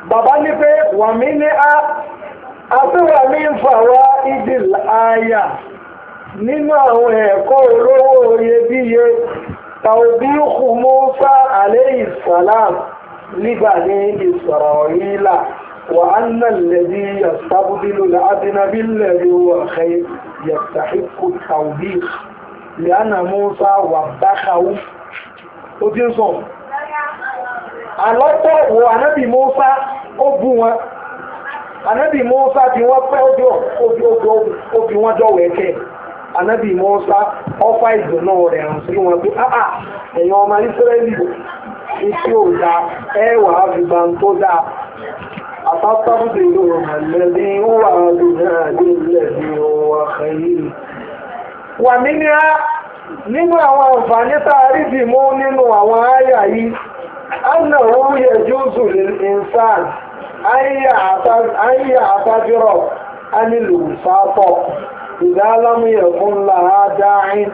bàbá ní pé wàmí ní a àtúwà ní fàwa ìdí àyà nínú àwọn ẹ̀kọ́ olówó iyebíye tàbí Musa alayhi salam nígbà ní Israila wà á nà lẹ́bí yàtàbùdínú láàbínàbí lẹ́bí wà khayr yàtàhíkù tàbí lẹ́nà Musa wà bákàwù ó ti ń sọ àlọ́pọ̀ wọ ànábì Musa ó bú wọn ànábì dị tí wọ́n pẹ́ òbí wọn jọ wẹ̀ẹ́kẹ́ ànábì mọ́ọ́sá ọfà ìdùnnú rẹ̀ hàn sí wọn pé áà ah, ah, ẹ̀yin ọmọ ìsírẹ́lì ìṣe ò dá ẹ̀wà àbíbá tó dáa àtàtàbùdèrò àlẹ́bí dị lónà àdélẹ́bí wà kẹ́yìn. wà mí ní á nínú àwọn àǹfààní tá a rí dì mú nínú àwọn àyà yìí á nà ó yẹ jóòzù ní ìnsáàdì. an yi àtàjọ́rọ̀ anilu sáfọ̀ ìdálámù yẹ fún láha dáhìn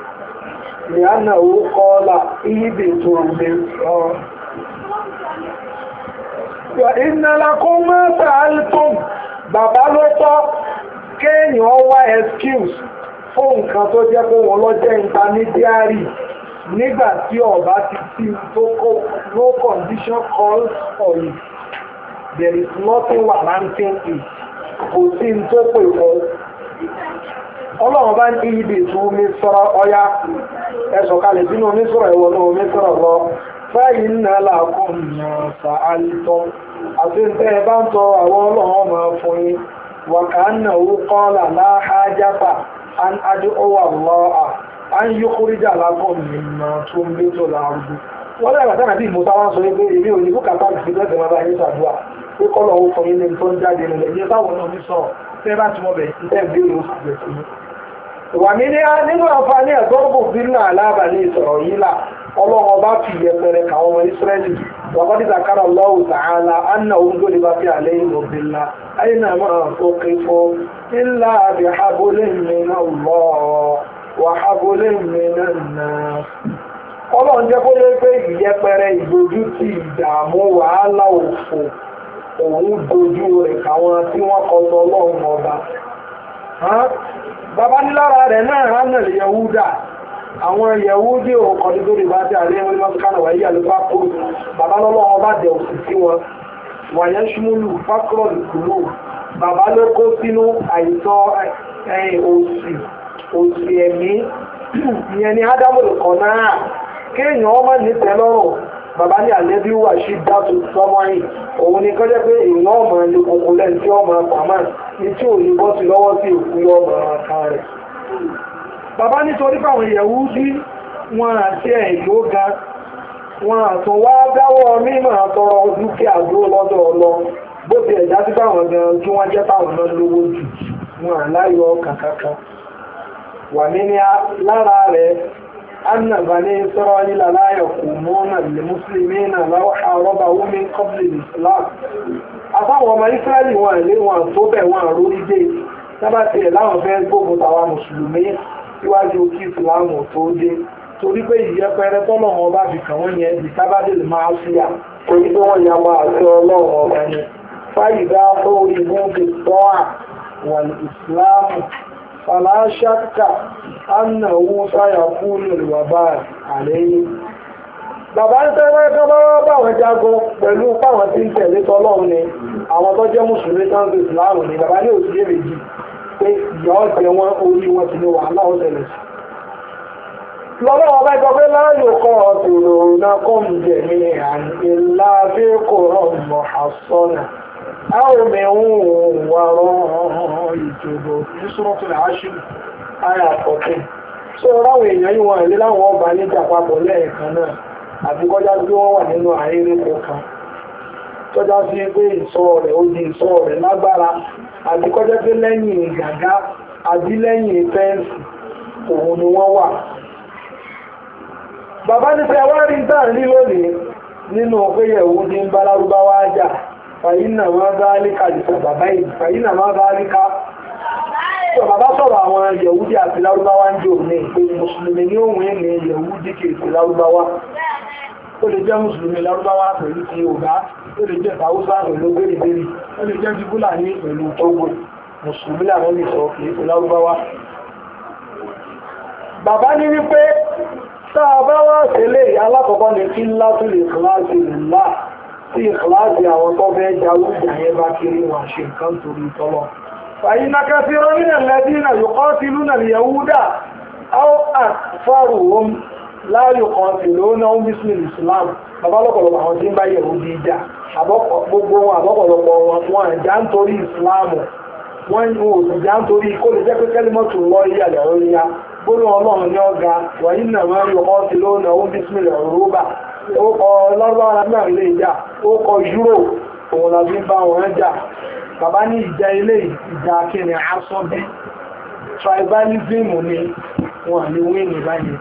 ní àná orúkọ ọlá ìyíbi tó ń gbé ìnàlákún mẹ́ta altum bàbá ló tọ́ kéèyàn wá excuse fún nǹkan tó jẹ́ pé wọ́n lọ́jẹ́ intermediary nígbà tí ọba ti sí tó no condition calls for there is nothing warranting it kò sí ní tó pè wọ́n ọlọ́run bá ń kí ibi ìtú mi sọ̀rọ̀ ọya ẹ̀sọ̀ kalẹ̀ sínú mi sọ̀rọ̀ ìwọ̀ náà mi sọ̀rọ̀ lọ fẹ́yì ńnà làákùn náà sàálítọ́ àti tẹ́ ẹ bá ń tọ àwọn ọlọ́run máa fún yín wàkà náà ó kọ́là láhájáfà an adé ọwà lọ́à an yíkúríjà làákùn mi máa tún bí tó láàrúdú wọ́n dàgbà sáà bí ìmọ̀ta sọ pé èmi ò ní bùkátà sí lọ́sẹ̀ máa bá yín sàdúrà pé kọ́lọ̀ ó fọyín lẹ́nu tó ń jáde nílẹ̀ ìyẹn táwọn náà sọ fẹ́ bá ti sí wà mí ní nínú àǹfààní ọba fi yẹpẹrẹ ọmọ ìsírẹ́lì kára lọ́wọ́ anna bá fi àlẹ́ ìlú bínlá ayé ọlọ́run jẹ́ kó yẹ pé ìyẹpẹrẹ ìdààmú wàhálà òfò òun dojú rẹ̀ káwọn tí wọ́n kọ sọ ọlọ́run ọba. bàbá ní rẹ̀ náà hánà yẹ̀wúdà àwọn yẹ̀wúdì òkò nítorí bá ti àríyá wọn lọ́sí kánà wáyé àlùfá kó bàbá lọ́lọ́run ọba dẹ̀ òsì sí wọn. wàyẹ̀ ṣúmúlù kéèyàn ọmọ nítẹ́ lọ́rùn bàbá ní àlẹ́bí wà sí dátù sọ́mọ́yìn òun ni kọjá pé ìwọ̀n ọmọ ní kòkó lẹ́nu tí ọmọ pàmà ní tí ò ní bọ́sí lọ́wọ́ sí òkú ọmọ ọ̀tá rẹ̀. bàbá nítorí pàwọn ìyẹ̀wù bí wọn àti ẹ̀yọ́ ga wọn àtún wá dáwọ́ mímọ̀ àtọrọ dúkìá dúró lọ́dọ̀ ọlọ bó ti ẹ̀dá sí táwọn gan kí wọ́n jẹ́ táwọn náà lówó jù wọn àláyọ̀ kàkàkà wà ní أن بني إسرائيل لا يقومون للمسلمين لو حاربوا من قبل الإسلام àtàwọn ọmọ Ísírẹ́lì wọn ilé wọn tó bẹ̀ wọn lórí dé sábà tiẹ̀ láwọn fẹ́ gbógun tàwa mùsùlùmí síwájú kí ìsìláàmù tó dé torí pé ìyẹpẹrẹ tọ́lọ̀ wọn bá fi kàn wọ́n yẹn di sábàdé lè máa fi à torí pé wọ́n ya máa fi ọlọ́run ọba ni fáyìí bá tó ibú fi tọ́ à wọ̀n ìsìláàmù fàlá ṣáàkà annáwó sáyà fún ìlúwàbá àlẹ́yìn bàbá ń tẹ́wọ́ ẹ̀kọ́ bá wọ́n bá wọn jago pẹ̀lú páwọn tí ń tẹ̀lé tọ́lọ́run ni àwọn tó jẹ́ mùsùlùmí tán ṣe ìsìláàmù ni bàbá ní òsì méjì pé ìyá ọ̀sẹ̀ wọn orí wọn ti ní wàhálà ọ̀sẹ̀lẹ̀ sí. lọ́wọ́ ọba ẹ̀kọ́ pé láàyò kọ́ ọ̀tún òun náà kọ́ ń jẹ̀mí àìlà fẹ́kọ̀ọ́ mọ̀ àsọ́nà أو m وراء الجبر في سورة العشر آية 14 so ráwọn èèyàn yìí wọn ìlú láwọn ọba kọjá bí wọ́n wà nínú kan tọ́já sí pé rẹ̀ ó di rẹ̀ lágbára kọjá pé lẹ́yìn àbí lẹ́yìn fẹ́ǹsì ni wọ́n wà. bàbá fẹ́ wá rí ní fàyínà má dáálíkà jùsọ bàbá yìí fàyínà má dáálíkà tó bàbá sọ̀rọ̀ àwọn yẹ̀wúdí àti lárúbáwá ń jò ní pé mùsùlùmí ní òun èmi yẹ̀wúdí kìí pé lárúbáwá ó lè jẹ́ mùsùlùmí lárúbáwá pẹ̀lú ti yorùbá ó lè jẹ́ tàwùsá pẹ̀lú gbèrègbèrè ó lè jẹ́ ti fúlàní pẹ̀lú tógbò mùsùlùmí làwọn lè sọ kìí pé lárúbáwá bàbá ní wípé tá a bá wá sílé alákọ̀ọ́kọ́ ni kí ńlá tó lè kíláàsì ńlá tí ìkìláàsì àwọn tó fẹ́ jáwó ìjàyẹ bá kiri wọn ṣe nǹkan torí tọ́lọ. fàyí na kẹfì rọ́nìyà na yòkọ́ ti lúnà yahúdà áwọ́ àfárò wọn láàyò kan ti ló islam bàbá àwọn tí ń bá yahudi ìjà gbogbo wọn àbọ̀pọ̀lọpọ̀ wọn tí wọ́n já ń torí islam wọ́n já ń torí kó lè jẹ́ pé kẹ́límọ́tò lọ ilé àlẹ́ ya gbólóhùn ọlọ́run ní ọ̀gá wàyí ó kọ lọ́gbàrá náà lè jà ó kọ yúrò òun làbí bá wọn jà bàbá ní ìjà ilé ìjà kíni asọ́bí tribalism ni wọn ní wíìnì báyìí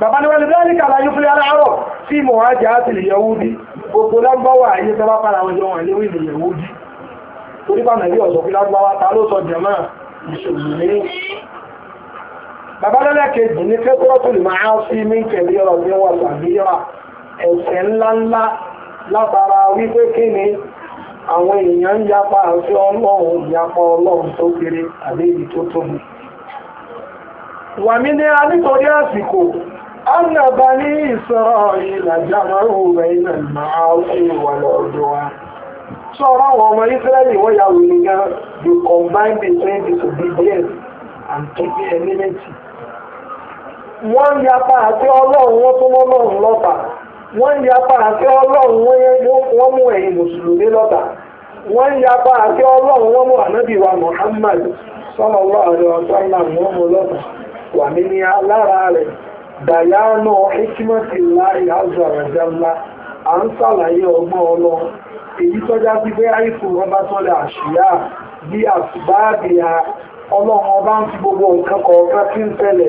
bàbá ní wọlé bẹ́ẹ̀ ní kàlà yóò fúlẹ̀ aláàárọ̀ tí mo wá jà á ti lè Yẹhudi gbogbo lágbáwá ayé tẹ́ bá padà wọn jọ wọn lé wíìnì Yẹhudi torí pàmò ẹ̀rí ọ̀sọ̀ ta ló sọ jẹ̀mọ́ ìṣòwò ní bàbá lẹ́lẹ́kejì ní kẹ́kọ́rọ́tù lè máa sí mí kẹ̀lé ọ̀rọ̀ ní wọn ńláńlá látara wípé kí ni àwọn èèyàn yapa àti ọlọ́run yapa ọlọ́run tó kéré àléèyí tó tóbi. wàmí ní a àsìkò ọ̀nà ní ìsọ̀rọ̀ ìlàjà márùn-ún rẹ̀ si ya the combined wọ́n ya yapa àti ọlọ́run wọ́n tún mọ́lọ́run lọ́tà wọ́n ya yapa àti ọlọ́run wọ́n mú ẹ̀yin mùsùlùmí wọ́n ya ọlọ́run wọ́n mú Muhammad sallallahu alaihi wasallam wọ́n mú lọ́tà wà ní alára rẹ̀ dàyánù hikmati láì azọ à ń sàlàyé ọgbọ́n èyí ọba àṣìyá bí ọlọ́run ọba ń fi gbogbo nǹkan kọ̀ọ̀kan tí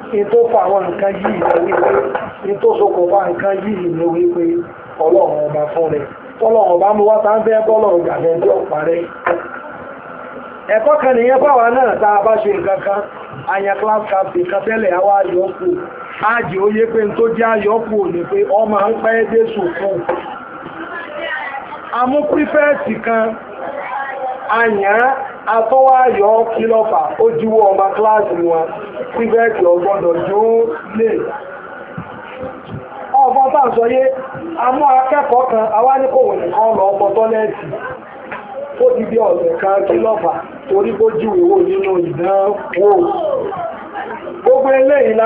ní tó fa àwọn nǹkan yìí ní wípé ní nǹkan yìí ní ọlọ́run ọba fún rẹ̀ tọ́lọ́run ọba mú wá ń bẹ́ parẹ́ ẹ̀kọ́ kan nìyẹn náà tá a bá ṣe nǹkan kan àyàn class captain kan tẹ́lẹ̀ àwa àyọkù ájì ó yé pé tó jẹ́ ò kan àyàn atọ́wọ́ kìlọ̀fà ó juwọ́ ọmọ síbẹ̀ẹ̀kì ọgbọ́dọ̀ jó lè ọgbọ́n bá ń sọ yé a mọ́ akẹ́kọ̀ọ́ kan awá ní kò wọ̀nyí kan lọ ọpọ tọ́lẹ́ẹ̀tì ó ti bí kan kí torí nínú ìdánwò gbogbo eléyìí la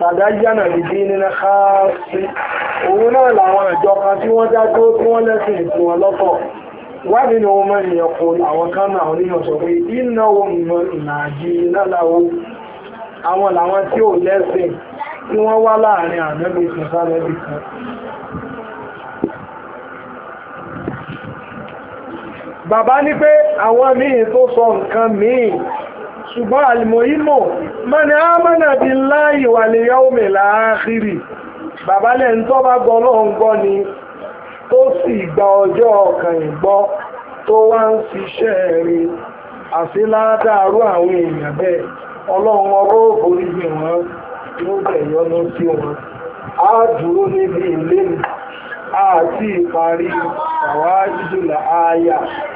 tàdájánà lèdí nínú káàsì òun náà làwọn ìjọ kan tí wọ́n dájú tí wọ́n lẹ́sìn ìtù wọn wà nínú ọmọ ènìyàn kò àwọn kan náà sọ pé ìnáwó mọ ìnàjí láláwo ṣùgbọ́n àlìmọ̀ímọ̀ mọ́ni ámọ́nà bí láàyè wà lè yá omi láàáhírì bàbá lẹ́ni tó bá gbọ́ gbọ́ ni tó sì gba ọjọ́ ọkàn ìgbọ́ tó wá ń ṣiṣẹ́ rí àti ládàárú àwọn èèyàn bẹ́ẹ̀ ọlọ́run ọrọ̀ òbórí bí wọ́n sí wọn á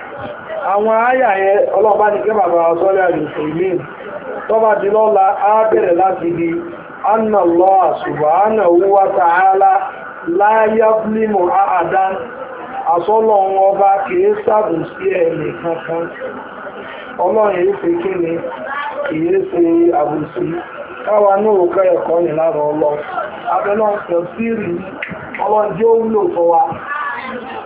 àwọn àyà yẹn ọlọ́ọ̀bá ní kí bàbá sọ́lẹ̀ di lọ́la á bẹ̀rẹ̀ láti di anna Allah subhanahu wa ta'ala la yazlimu ahadan àsọ́lọ̀ ọba kìí sàbùn sí ẹ̀mí kankan ọlọ́run kí ni kìí àbùsí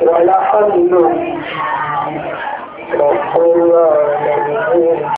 ولحمل وقرآن